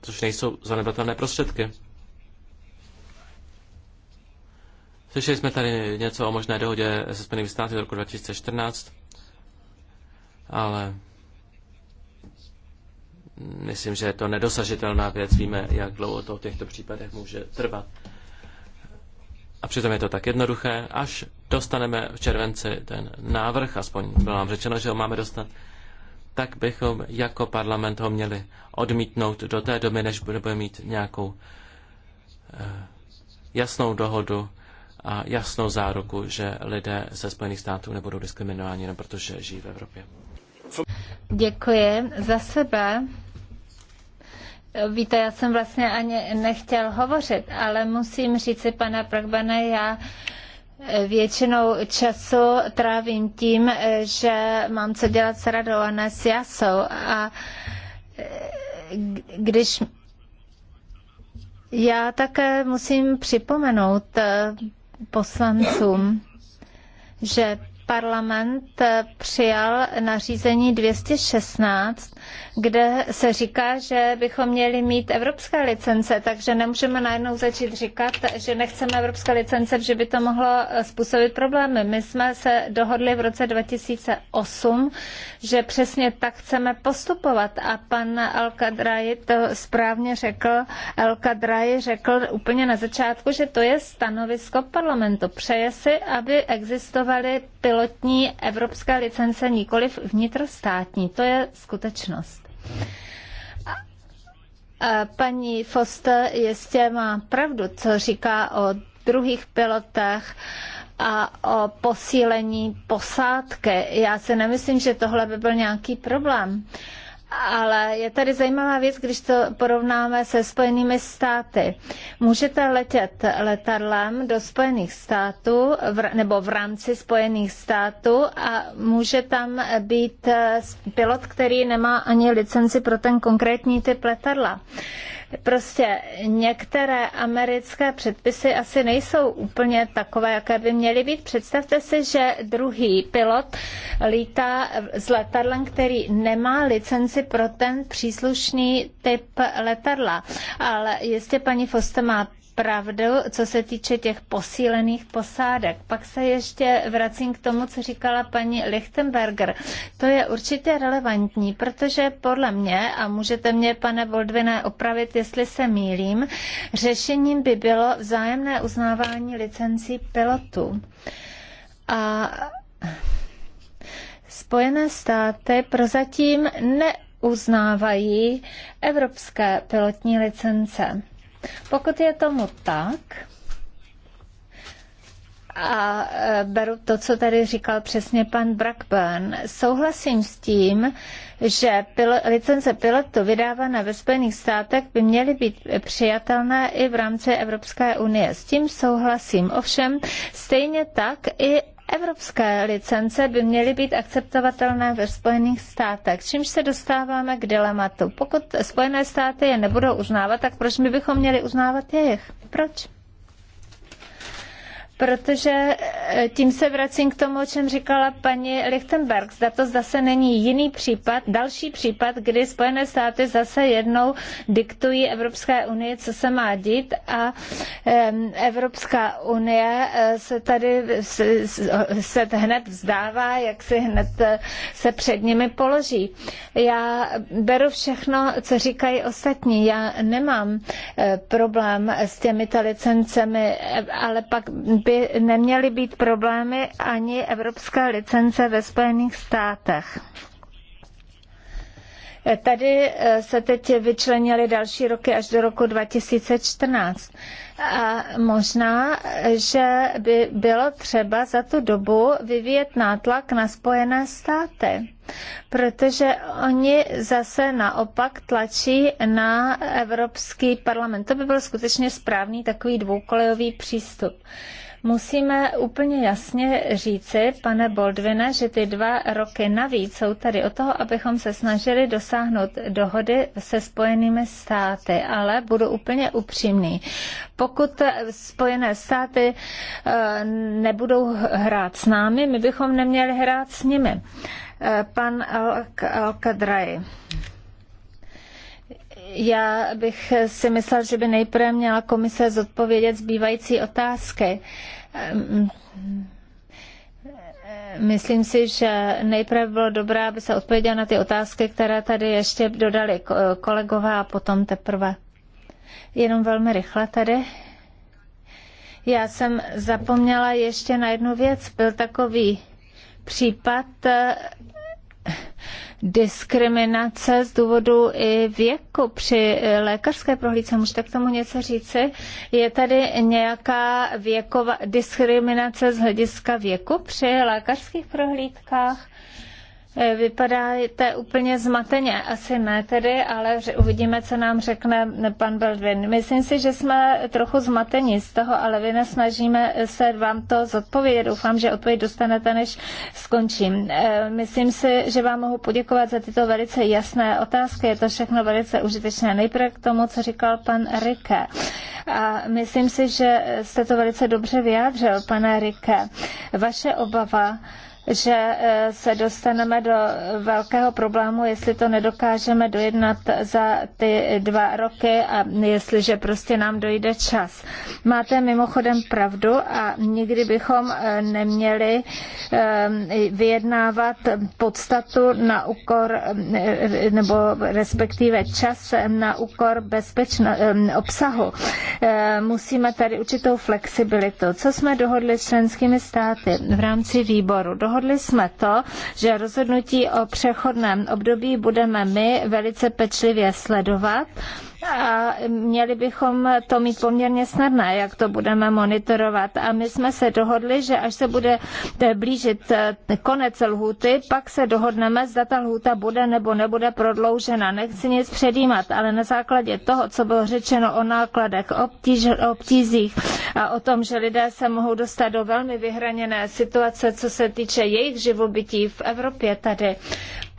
což nejsou zanedbatelné prostředky. Slyšeli jsme tady něco o možné dohodě se Spojenými státy v roku 2014, ale myslím, že je to nedosažitelná věc. Víme, jak dlouho to v těchto případech může trvat. A přitom je to tak jednoduché, až dostaneme v červenci ten návrh, aspoň bylo nám řečeno, že ho máme dostat, tak bychom jako parlament ho měli odmítnout do té doby, než budeme mít nějakou eh, jasnou dohodu a jasnou záruku, že lidé ze Spojených států nebudou diskriminováni, protože žijí v Evropě. Děkuji za sebe. Víte, já jsem vlastně ani nechtěl hovořit, ale musím říci, pana Pragbane, já eh, Většinou času trávím tím, eh, že mám co dělat s radou a ne s jasou. A eh, když já také musím připomenout poslancům, že parlament přijal nařízení 216 kde se říká, že bychom měli mít evropské licence, takže nemůžeme najednou začít říkat, že nechceme evropské licence, že by to mohlo eh, způsobit problémy. My jsme se dohodli v roce 2008, že přesně tak chceme postupovat a pan Alkadraj to správně řekl, Alkadraj řekl úplně na začátku, že to je stanovisko parlamentu. Přeje si, aby existovaly pilotní evropské licence, nikoli vnitrostátní. To je skutečnost. Paní Foster jistě má pravdu, co říká o druhých pilotech a o posílení posádky. Já si nemyslím, že tohle by byl nějaký problém. Uh, ale je tady zajímavá věc, když to porovnáme se Spojenými státy. Můžete letět letadlem do Spojených států v, nebo v rámci Spojených států a může tam být eh, pilot, který nemá ani licenci pro ten konkrétní typ letadla. Uh, Prostě některé americké předpisy asi nejsou úplně takové, jaké by měly být. Představte si, že druhý pilot lítá s letadlem, který nemá licenci pro ten příslušný typ letadla. Ale jistě paní Foster má pravdu, co se týče těch posílených posádek. Pak se ještě vracím k tomu, co říkala paní Lichtenberger. To je určitě relevantní, protože podle mě, a můžete mě, pane Voldviné, opravit, jestli se mýlím, řešením by bylo vzájemné uznávání licencí pilotů. A Spojené státy prozatím neuznávají evropské pilotní licence. Pokud je tomu tak, a e, beru to, co tady říkal přesně pan Brackburn. Souhlasím s tím, že pil- licence pilotu vydávané ve Spojených státech by měly být přijatelné i v rámci Evropské unie. S tím souhlasím. Ovšem, stejně tak i Evropské licence by měly být akceptovatelné ve Spojených státech, čímž se dostáváme k dilematu. Pokud Spojené státy je nebudou uznávat, tak proč my bychom měli uznávat jejich? Proč? protože eh, tím se vracím k tomu, o čem říkala paní Lichtenberg. Zda to zase není jiný případ, další případ, kdy Spojené státy zase jednou diktují Evropské unii, co se má dít a Evropská unie eh, se tady se hned vzdává, jak si hned eh, se před nimi položí. Já beru všechno, co říkají ostatní. Já nemám problém s těmito licencemi, ale pak by neměly být problémy ani evropská licence ve Spojených státech. Tady eh, se teď vyčlenily další roky až do roku 2014. A možná, že by bylo třeba za tu dobu vyvíjet nátlak na Spojené státy, protože oni zase naopak tlačí na Evropský parlament. To by byl skutečně správný takový dvoukolejový přístup. Musíme úplně jasně říci, pane Boldvine, že ty dva roky navíc jsou tady o toho, abychom se snažili dosáhnout dohody se spojenými státy, ale budu úplně upřímný. Pokud spojené státy eh, nebudou hrát s námi, my bychom neměli hrát s nimi. Eh, pan Al-Kadraji. Alkadraj. al já bych si myslel, že by nejprve měla komise zodpovědět zbývající otázky. Ehm, ehm, myslím si, že nejprve bylo dobré, aby se odpověděla na ty otázky, které tady ještě dodali kolegové a potom teprve. Jenom velmi rychle tady. Já jsem zapomněla ještě na jednu věc. Byl takový případ diskriminace z důvodu i věku při eh, lékařské prohlídce. Můžete k tomu něco říci? Je tady nějaká věková diskriminace z hlediska věku při lékařských prohlídkách? Eh, Vypadáte úplně zmateně, asi ne tedy, ale uvidíme, co nám řekne eh, pan Baldwin. Myslím si, že jsme trochu zmateni z toho, ale vy snažíme eh, se vám to zodpovědět. Doufám, že odpověď dostanete, než skončím. Myslím si, že vám mohu poděkovat za tyto velice jasné otázky. Je to všechno velice užitečné. Nejprve k tomu, co říkal pan Rike. A myslím si, že jste to velice dobře vyjádřil, pane Rike. Vaše obava, že eh, se dostaneme do velkého problému, jestli to nedokážeme dojednat za ty dva roky a jestliže prostě nám dojde čas. Máte mimochodem pravdu a nikdy bychom eh, neměli eh, vyjednávat podstatu na úkor nebo respektive čas na úkor bezpečno, obsahu. Musíme tady určitou flexibilitu. Co jsme dohodli s členskými státy v rámci výboru? Dohodli dohodli jsme to, že rozhodnutí o přechodném období budeme my velice pečlivě sledovat a měli bychom to mít poměrně snadné, jak to budeme monitorovat. A my jsme se dohodli, že až se bude eh, blížit eh, konec lhuty, pak se dohodneme, zda ta lhuta bude nebo nebude prodloužena. Nechci nic předjímat, ale na základě toho, co bylo řečeno o nákladech, o, obtíž, obtízích a o tom, že lidé se mohou dostat do velmi vyhraněné situace, co se týče jejich živobytí v Evropě tady,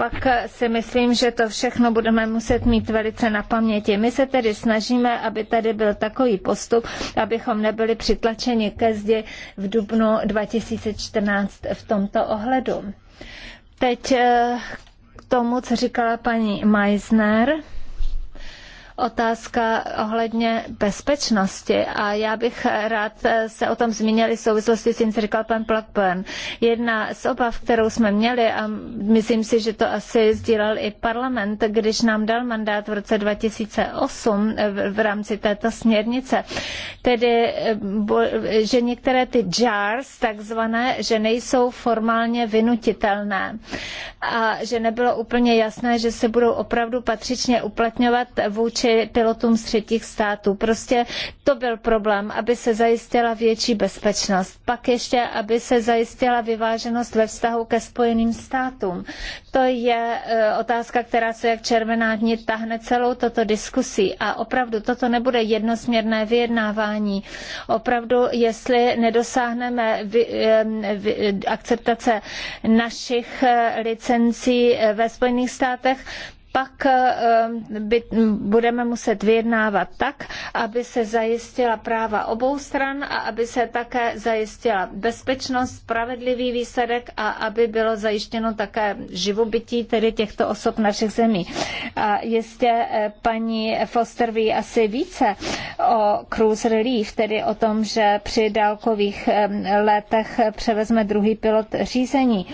pak si myslím, že to všechno budeme muset mít velice na paměti. My se tedy snažíme, aby tady byl takový postup, abychom nebyli přitlačeni ke zdi v dubnu 2014 v tomto ohledu. Teď eh, k tomu, co říkala paní Meisner otázka ohledně bezpečnosti a já bych rád se o tom zmínili v souvislosti s tím, co říkal pan Blackburn. Jedna z obav, kterou jsme měli a myslím si, že to asi sdílel i parlament, když nám dal mandát v roce 2008 v rámci této směrnice, tedy, že některé ty jars, takzvané, že nejsou formálně vynutitelné a že nebylo úplně jasné, že se budou opravdu patřičně uplatňovat vůči pilotům z třetích států. Prostě to byl problém, aby se zajistila větší bezpečnost. Pak ještě, aby se zajistila vyváženost ve vztahu ke Spojeným státům. To je e, otázka, která se jak červená dní tahne celou toto diskusí. A opravdu toto nebude jednosměrné vyjednávání. Opravdu, jestli nedosáhneme vy, vy, akceptace našich e, licencí e, ve Spojených státech, pak ehm, by, budeme muset vyjednávat tak, aby se zajistila práva obou stran a aby se také zajistila bezpečnost, spravedlivý výsledek a aby bylo zajištěno také živobytí tedy těchto osob našich zemí. A jistě eh, paní Foster ví asi více o Cruise Relief, tedy o tom, že při dálkových ehm, letech převezme druhý pilot řízení.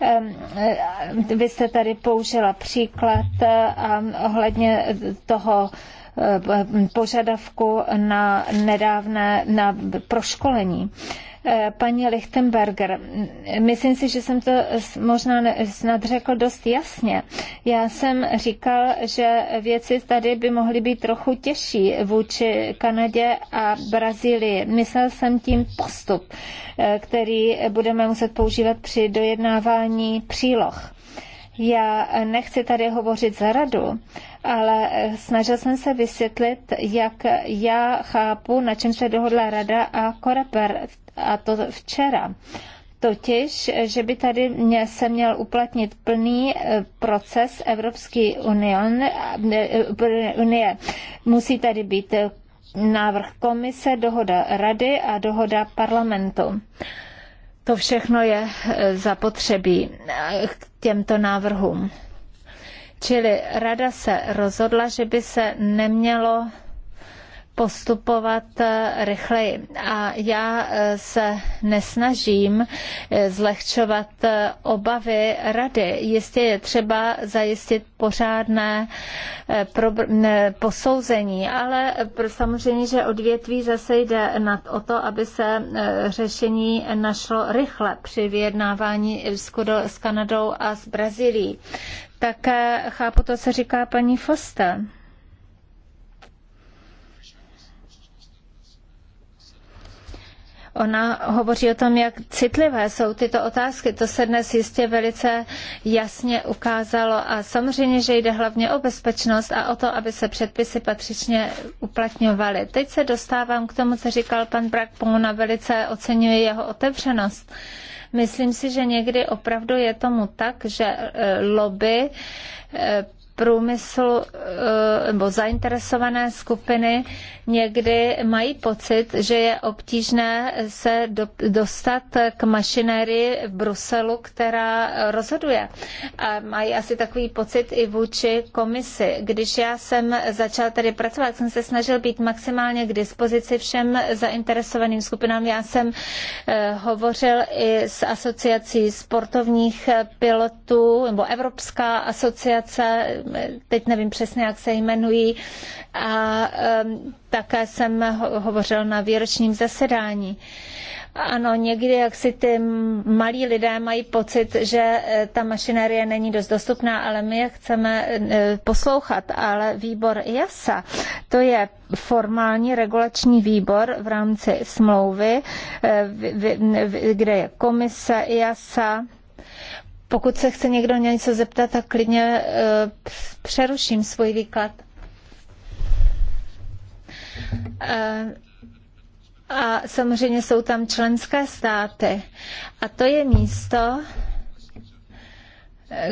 Eh, vy jste tady použila příklad eh, a ohledně toho eh, požadavku na nedávné na proškolení. Eh, paní Lichtenberger. Myslím si, že jsem to možná snad řekl dost jasně. Já jsem říkal, že věci tady by mohly být trochu těžší vůči Kanadě a Brazílii. Myslel jsem tím postup, eh, který budeme muset používat při dojednávání příloh. Já nechci tady hovořit za radu, ale eh, snažil jsem se vysvětlit, jak já chápu, na čem se dohodla rada a Koreper a to včera. Totiž, že by tady mě se měl uplatnit plný e, proces Evropské e, unie. Musí tady být e, návrh komise, dohoda rady a dohoda parlamentu. To všechno je zapotřebí k těmto návrhům. Čili rada se rozhodla, že by se nemělo postupovat eh, rychleji. A já eh, se nesnažím eh, zlehčovat obavy rady. Jistě je třeba zajistit pořádné posouzení, ale samozřejmě, že odvětví zase jde nad o to, aby se řešení našlo rychle při vyjednávání s Kanadou a s Brazílií. Také chápu to, co říká paní Foster. Ona hovoří o tom, jak citlivé jsou tyto otázky. To se dnes jistě velice jasně ukázalo a samozřejmě, že jde hlavně o bezpečnost a o to, aby se předpisy patřičně uplatňovaly. Teď se dostávám k tomu, co říkal pan Brakpon a velice oceňuji jeho otevřenost. Myslím si, že někdy opravdu je tomu tak, že eh, lobby eh, průmysl eh, nebo zainteresované skupiny někdy mají pocit, že je obtížné se do, dostat k mašinérii v Bruselu, která rozhoduje. A mají asi takový pocit i vůči komisi. Když já jsem začal tady pracovat, jsem se snažil být maximálně k dispozici všem zainteresovaným skupinám. Já jsem eh, hovořil i s asociací sportovních pilotů nebo Evropská asociace teď nevím přesně, jak se jmenují, a také jsem hovořil na výročním zasedání. Ano, někdy jak si ty malí lidé mají pocit, že e, ta mašinérie není dost dostupná, ale my je chceme e, poslouchat. Ale výbor JASA, to je formální regulační výbor v rámci smlouvy, e, kde je komise JASA, pokud se chce někdo něco zeptat, tak klidně eh, přeruším svůj výklad. Eh, a samozřejmě jsou tam členské státy. A to je místo,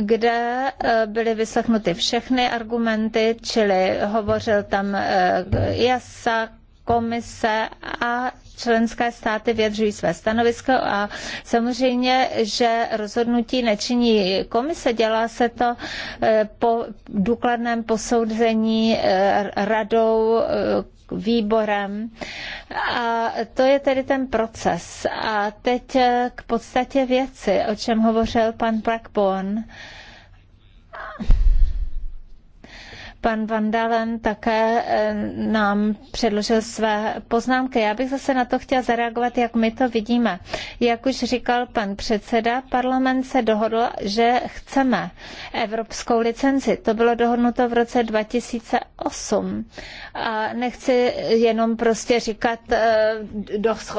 kde eh, byly vyslechnuty všechny argumenty, čili hovořil tam JASA, komise a členské státy vyjadřují své stanovisko a samozřejmě, že rozhodnutí nečiní komise, dělá se to eh, po důkladném posouzení eh, radou eh, výborem. A to je tedy ten proces. A teď k podstatě věci, o čem hovořil pan Blackburn. Pan Van Dalen také eh, nám předložil své poznámky. Já bych zase na to chtěla zareagovat, jak my to vidíme. Jak už říkal pan předseda, parlament se dohodl, že chceme evropskou licenci. To bylo dohodnuto v roce 2008. A nechci jenom prostě říkat, eh,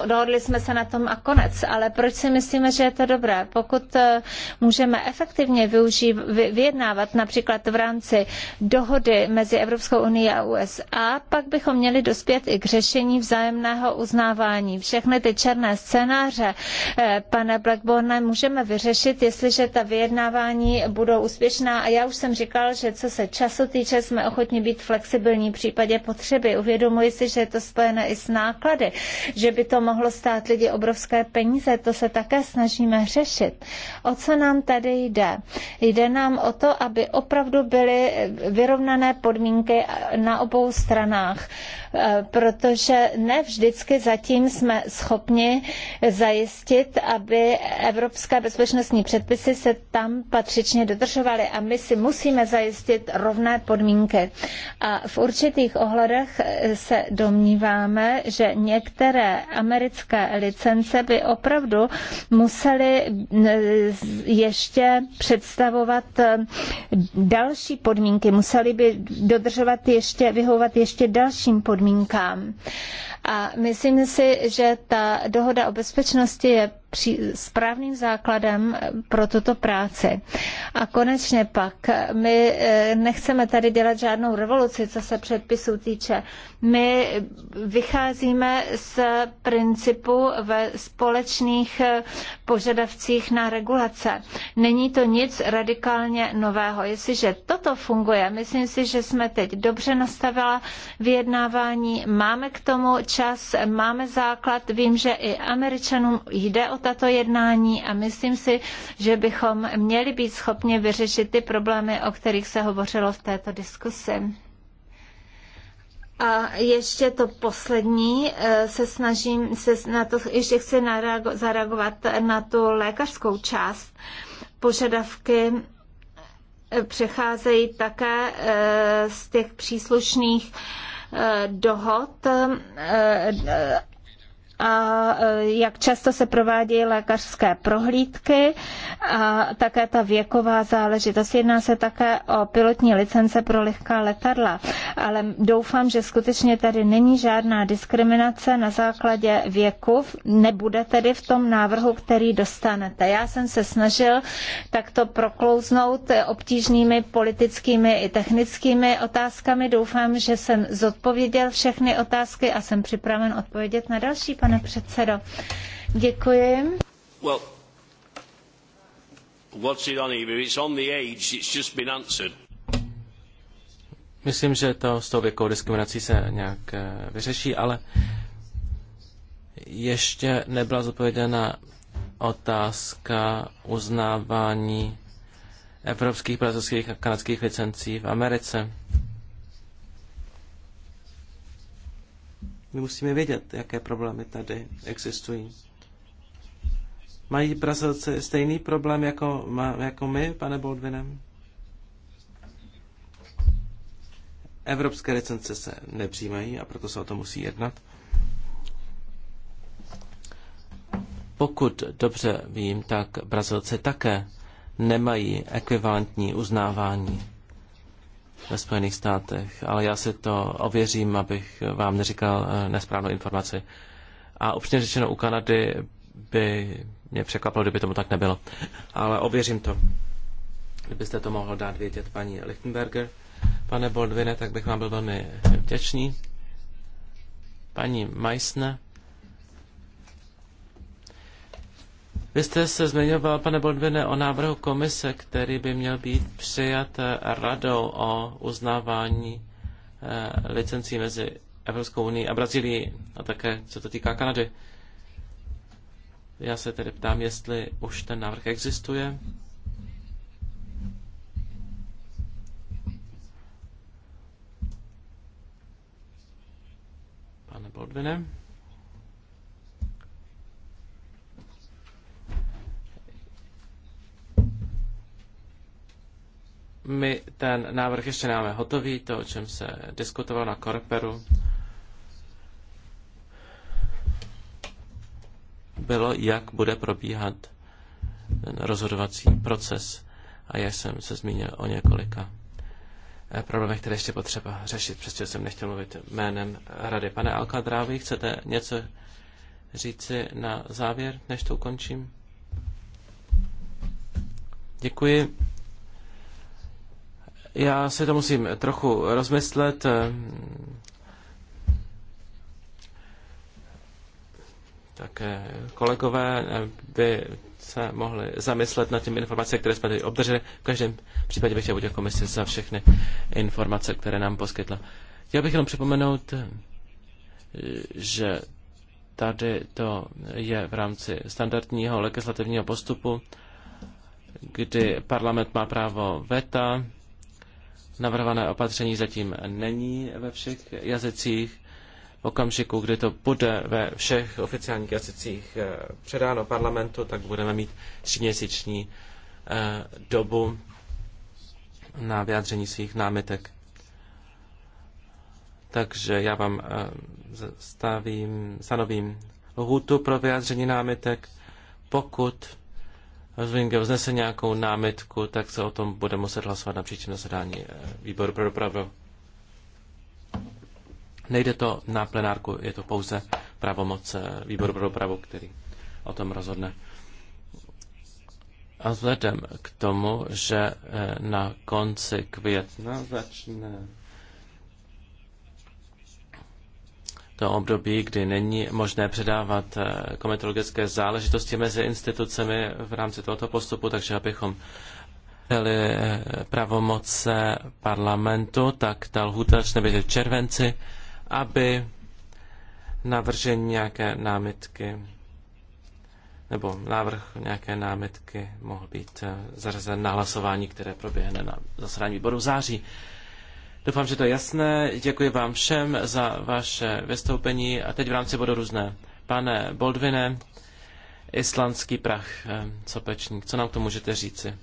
dohodli jsme se na tom a konec. Ale proč si myslíme, že je to dobré? Pokud eh, můžeme efektivně využít, vyjednávat například v rámci dohody dohody mezi Evropskou unii a USA, pak bychom měli dospět i k řešení vzájemného uznávání. Všechny ty černé scénáře, eh, pane Blackburne, můžeme vyřešit, jestliže ta vyjednávání budou úspěšná. A já už jsem říkal, že co se času týče, jsme ochotni být flexibilní v případě potřeby. Uvědomuji si, že je to spojené i s náklady, že by to mohlo stát lidi obrovské peníze. To se také snažíme řešit. O co nám tady jde? Jde nám o to, aby opravdu byly vyrovnané vyrovnané podmínky na obou stranách, eh, protože ne vždycky zatím jsme schopni zajistit, aby evropské bezpečnostní předpisy se tam patřičně dodržovaly a my si musíme zajistit rovné podmínky. A v určitých ohledech eh, se domníváme, že některé americké licence by opravdu musely mm, eh, ještě představovat další podmínky, musely by měli dodržovat ještě, vyhovovat ještě dalším podmínkám. A myslím si, že ta dohoda o bezpečnosti je správným základem pro tuto práci. A konečně pak, my eh, nechceme tady dělat žádnou revoluci, co se předpisů týče. My vycházíme z principu ve společných eh, požadavcích na regulace. Není to nic radikálně nového. Jestliže toto funguje, myslím si, že jsme teď dobře nastavila vyjednávání, máme k tomu čas, máme základ, vím, že i Američanům jde o tato jednání a myslím si, že bychom měli být schopni vyřešit ty problémy, o kterých se hovořilo v této diskusi. A ještě to poslední, eh, se snažím, se na to, ještě chci zareagovat na tu lékařskou část. Požadavky eh, přecházejí také eh, z těch příslušných dohod a e, jak často se provádějí lékařské prohlídky a také ta věková záležitost. Jedná se také o pilotní licence pro lehká letadla, ale doufám, že skutečně tady není žádná diskriminace na základě věku, nebude tedy v tom návrhu, který dostanete. Já jsem se snažil takto proklouznout obtížnými politickými i technickými otázkami. Doufám, že jsem zodpověděl všechny otázky a jsem připraven odpovědět na další, pane předsedo. Děkuji. Well, what's it on Eva? It's on the age, it's just been answered. Myslím, že to s tou věkovou diskriminací se nějak eh, vyřeší, ale ještě nebyla zodpověděna otázka uznávání evropských, brazilských a kanadských licencí v Americe. My musíme vědět, jaké problémy tady existují. Mají prasadce stejný problém jako, jako my, pane Boldvinem? Evropské recence se nepřijímají a proto se o to musí jednat. Pokud dobře vím, tak Brazilci také nemají ekvivalentní uznávání ve Spojených státech, ale já si to ověřím, abych vám neříkal eh, nesprávnou informaci. A upřímně řečeno, u Kanady by mě překvapilo, kdyby tomu tak nebylo. Ale ověřím to. Kdybyste to mohl dát vědět paní Lichtenberger, pane Boldvine, tak bych vám byl velmi vděčný. Paní Meissner, Vy jste se zmiňoval, pane Bodvine, o návrhu komise, který by měl být přijat radou o uznávání eh, licencí mezi Evropskou unii a Brazílií a také co to týká Kanady. Já se tedy ptám, jestli už ten návrh existuje. Pane Bodvine. My ten návrh ještě nemáme hotový, to, o čem se diskutovalo na Korperu, bylo, jak bude probíhat ten rozhodovací proces. A já jsem se zmínil o několika eh, problémech, které ještě potřeba řešit, Přesto jsem nechtěl mluvit jménem rady. Pane Alkadrávi, chcete něco říci na závěr, než to ukončím? Děkuji. Já se to musím trochu rozmyslet. Tak eh, kolegové eh, by se mohli zamyslet nad těmi informacemi, které jsme tady obdrželi. V každém případě bych chtěl poděkovat komisi za všechny informace, které nám poskytla. Já bych jenom připomenout, eh, že tady to je v rámci standardního legislativního postupu, kdy parlament má právo veta Navrhované opatření zatím není ve všech jazycích. V okamžiku, kdy to bude ve všech oficiálních jazycích eh, předáno parlamentu, tak budeme mít tříměsíční eh, dobu na vyjádření svých námitek. Takže já vám eh, stavím, stanovím lhůtu pro vyjádření námitek, pokud Rozumím, vznese nějakou námitku, tak se o tom bude muset hlasovat na příštím zasedání eh, výboru pro dopravu. Nejde to na plenárku, je to pouze pravomoc eh, výboru pro dopravu, který o tom rozhodne. A vzhledem k tomu, že eh, na konci května začne to období, kdy není možné předávat eh, kometologické záležitosti mezi institucemi v rámci tohoto postupu, takže abychom dali eh, pravomoce parlamentu, tak ta lhůta začne být v červenci, aby navržení nějaké námitky nebo návrh nějaké námitky mohl být eh, zařazen na hlasování, které proběhne na zasedání výboru v září. Doufám, že to je jasné. Děkuji vám všem za vaše vystoupení a teď v rámci bodu různé. Pane Boldvine, islandský prach, eh, sopečník, co nám k tomu můžete říci?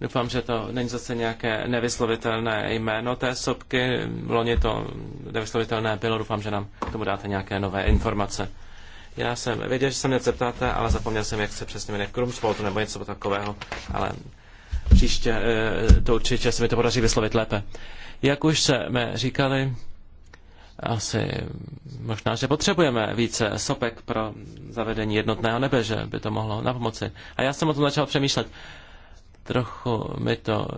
Doufám, že to není zase nějaké nevyslovitelné jméno té sopky. Loni to nevyslovitelné bylo. Doufám, že nám k tomu dáte nějaké nové informace. Já jsem věděl, že se mě zeptáte, ale zapomněl jsem, jak se přesně jmenuje Krumspoltu nebo něco takového, ale příště eh, to určitě se mi to podaří vyslovit lépe. Jak už jsme říkali, asi možná, že potřebujeme více sopek pro zavedení jednotného nebe, že by to mohlo na pomoci. A já jsem o tom začal přemýšlet. Trochu mi to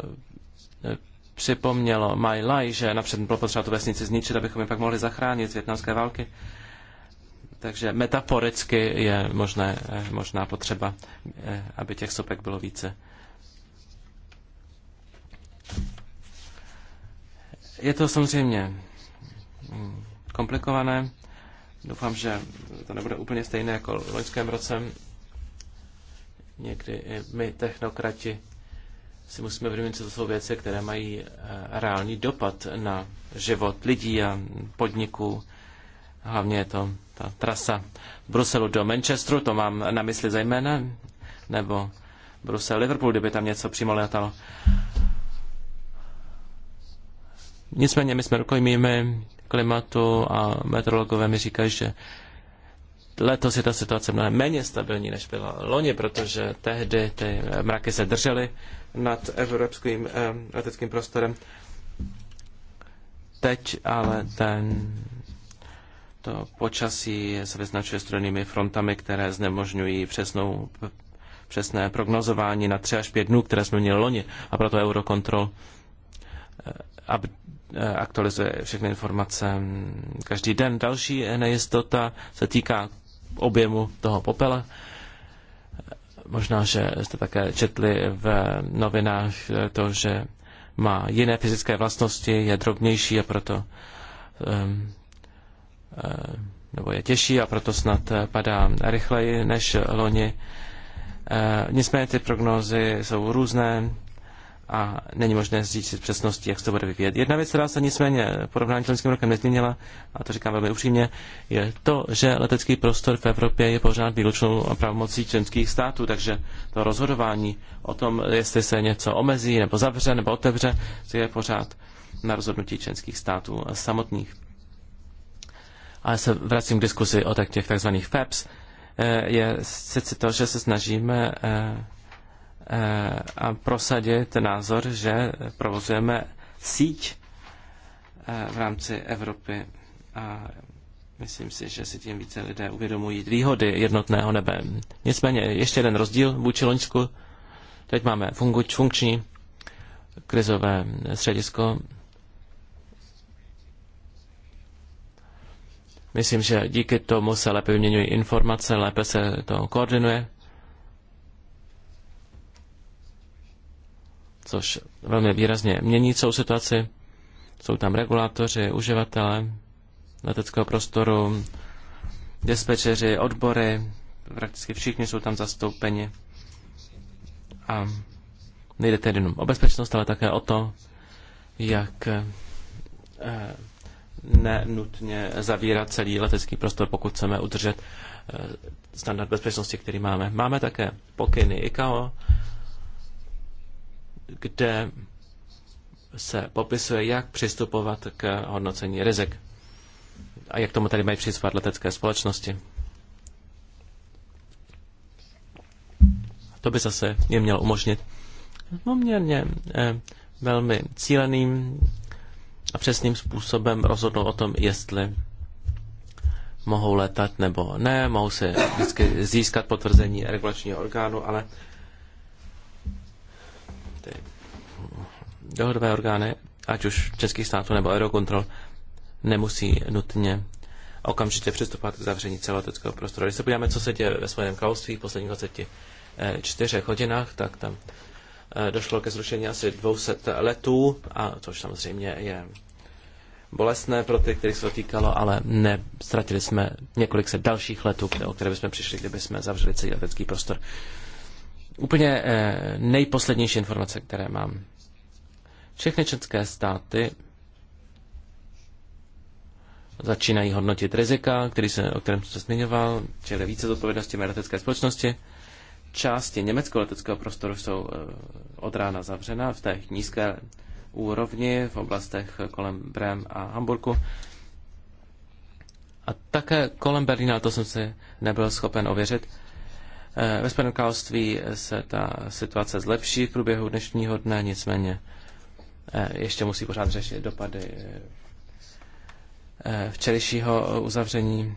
eh, připomnělo My Lai, že napřed bylo potřeba tu vesnici zničit, abychom je pak mohli zachránit z větnamské války. Takže metaforicky je možné, možná potřeba, eh, aby těch sopek bylo více. Je to samozřejmě hm, komplikované. Doufám, že to nebude úplně stejné jako v loňském roce. Někdy my technokrati si musíme uvědomit, co to jsou věci, které mají eh, reálný dopad na život lidí a podniků. Hlavně je to ta trasa Bruselu do Manchesteru, to mám na mysli zejména, nebo Brusel-Liverpool, kdyby tam něco přímo letalo. Nicméně my jsme rukojmími klimatu a meteorologové mi říkají, že letos je ta situace mnohem méně stabilní, než byla loni, protože tehdy ty mraky se držely nad evropským eh, leteckým prostorem. Teď ale ten to počasí se vyznačuje strojnými frontami, které znemožňují přesnou, přesné prognozování na tři až pět dnů, které jsme měli loni. A proto Eurocontrol eh, eh, aktualizuje všechny informace každý den. Další nejistota se týká objemu toho popela. Možná, že jste také četli v novinách to, že má jiné fyzické vlastnosti, je drobnější a proto um, Eh, nebo je těžší a proto snad eh, padá rychleji než loni. Eh, nicméně ty prognózy jsou různé a není možné říct si přesností, jak se to bude vyvíjet. Jedna věc, která se nicméně porovnání s loňským rokem nezměnila, a to říkám velmi upřímně, je to, že letecký prostor v Evropě je pořád výlučnou pravomocí členských států, takže to rozhodování o tom, jestli se něco omezí, nebo zavře, nebo otevře, je pořád na rozhodnutí členských států samotných ale se vracím k diskusi o těch takzvaných FEPS, eh, je sice to, že se snažíme eh, eh, a prosadit názor, že provozujeme síť v rámci Evropy a myslím si, že si tím více lidé uvědomují výhody jednotného nebe. Nicméně ještě jeden rozdíl vůči Loňsku. Teď máme funguč, funkční krizové středisko Myslím, že díky tomu se lépe vyměňují informace, lépe se to koordinuje, což velmi výrazně mění celou situaci. Jsou tam regulátoři, uživatelé leteckého prostoru, dispečeři, odbory, prakticky všichni jsou tam zastoupeni. A nejde tedy jenom o bezpečnost, ale také o to, jak eh, nenutně zavírat celý letecký prostor, pokud chceme udržet eh, standard bezpečnosti, který máme. Máme také pokyny ICAO, kde se popisuje, jak přistupovat k hodnocení rizik a jak tomu tady mají přistupovat letecké společnosti. To by zase je mělo umožnit poměrně eh, velmi cíleným a přesným způsobem rozhodnou o tom, jestli mohou letat nebo ne, mohou se vždycky získat potvrzení regulačního orgánu, ale ty dohodové orgány, ať už českých států nebo Eurocontrol, nemusí nutně okamžitě přistupovat k zavření celoteckého prostoru. Když se podíváme, co se děje ve svém království v posledních 24 eh, hodinách, tak tam eh, došlo ke zrušení asi 200 letů, a což samozřejmě je bolestné pro ty, kterých se to týkalo, ale ne, ztratili jsme několik set dalších letů, o které bychom přišli, kdyby jsme zavřeli celý letecký prostor. Úplně eh, nejposlednější informace, které mám. Všechny české státy začínají hodnotit rizika, který se, o kterém jsem se zmiňoval, čili více zodpovědnosti letecké společnosti. Části německého leteckého prostoru jsou eh, od rána zavřena v té nízké úrovni v oblastech kolem Brem a Hamburgu. A také kolem Berlína, to jsem si nebyl schopen ověřit. Eh, ve Spojeném království se ta situace zlepší v průběhu dnešního dne, nicméně eh, ještě musí pořád řešit dopady eh, včerejšího uzavření,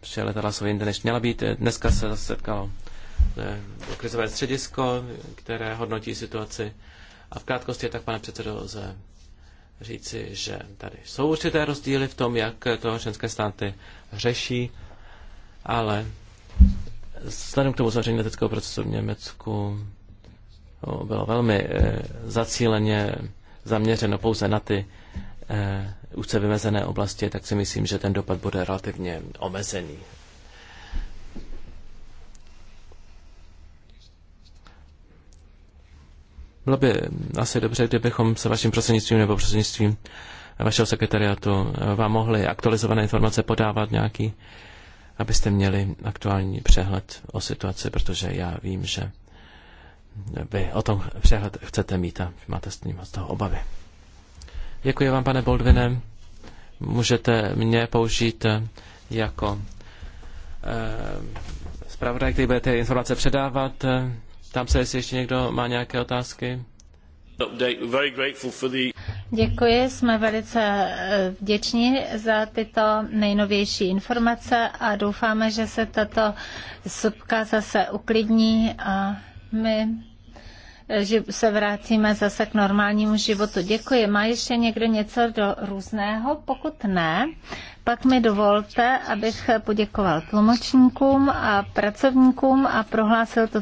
protože letadla jsou jinde, než měla být. Dneska se setkalo krizové středisko, které hodnotí situaci a v krátkosti je tak, pane předsedo, lze říci, že tady jsou určité rozdíly v tom, jak to členské státy řeší, ale vzhledem k tomu zavření leteckého procesu v Německu no, bylo velmi eh, zacíleně zaměřeno pouze na ty eh, úzce vymezené oblasti, tak si myslím, že ten dopad bude relativně omezený. Bylo by asi dobře, kdybychom se vaším prostřednictvím nebo prostřednictvím vašeho sekretariátu eh, vám mohli aktualizované informace podávat nějaký, abyste měli aktuální přehled o situaci, protože já vím, že vy o tom přehled chcete mít a máte s ním z toho obavy. Děkuji vám, pane Boldvine. Můžete mě použít eh, jako eh, zpravodaj, který budete informace předávat. Ptám se, jestli ještě někdo má nějaké otázky. Děkuji, jsme velice eh, vděční za tyto nejnovější informace a doufáme, že se tato subka zase uklidní a my eh, že se vrátíme zase k normálnímu životu. Děkuji. Má ještě někdo něco do různého? Pokud ne, pak mi dovolte, abych poděkoval tlumočníkům a pracovníkům a prohlásil toto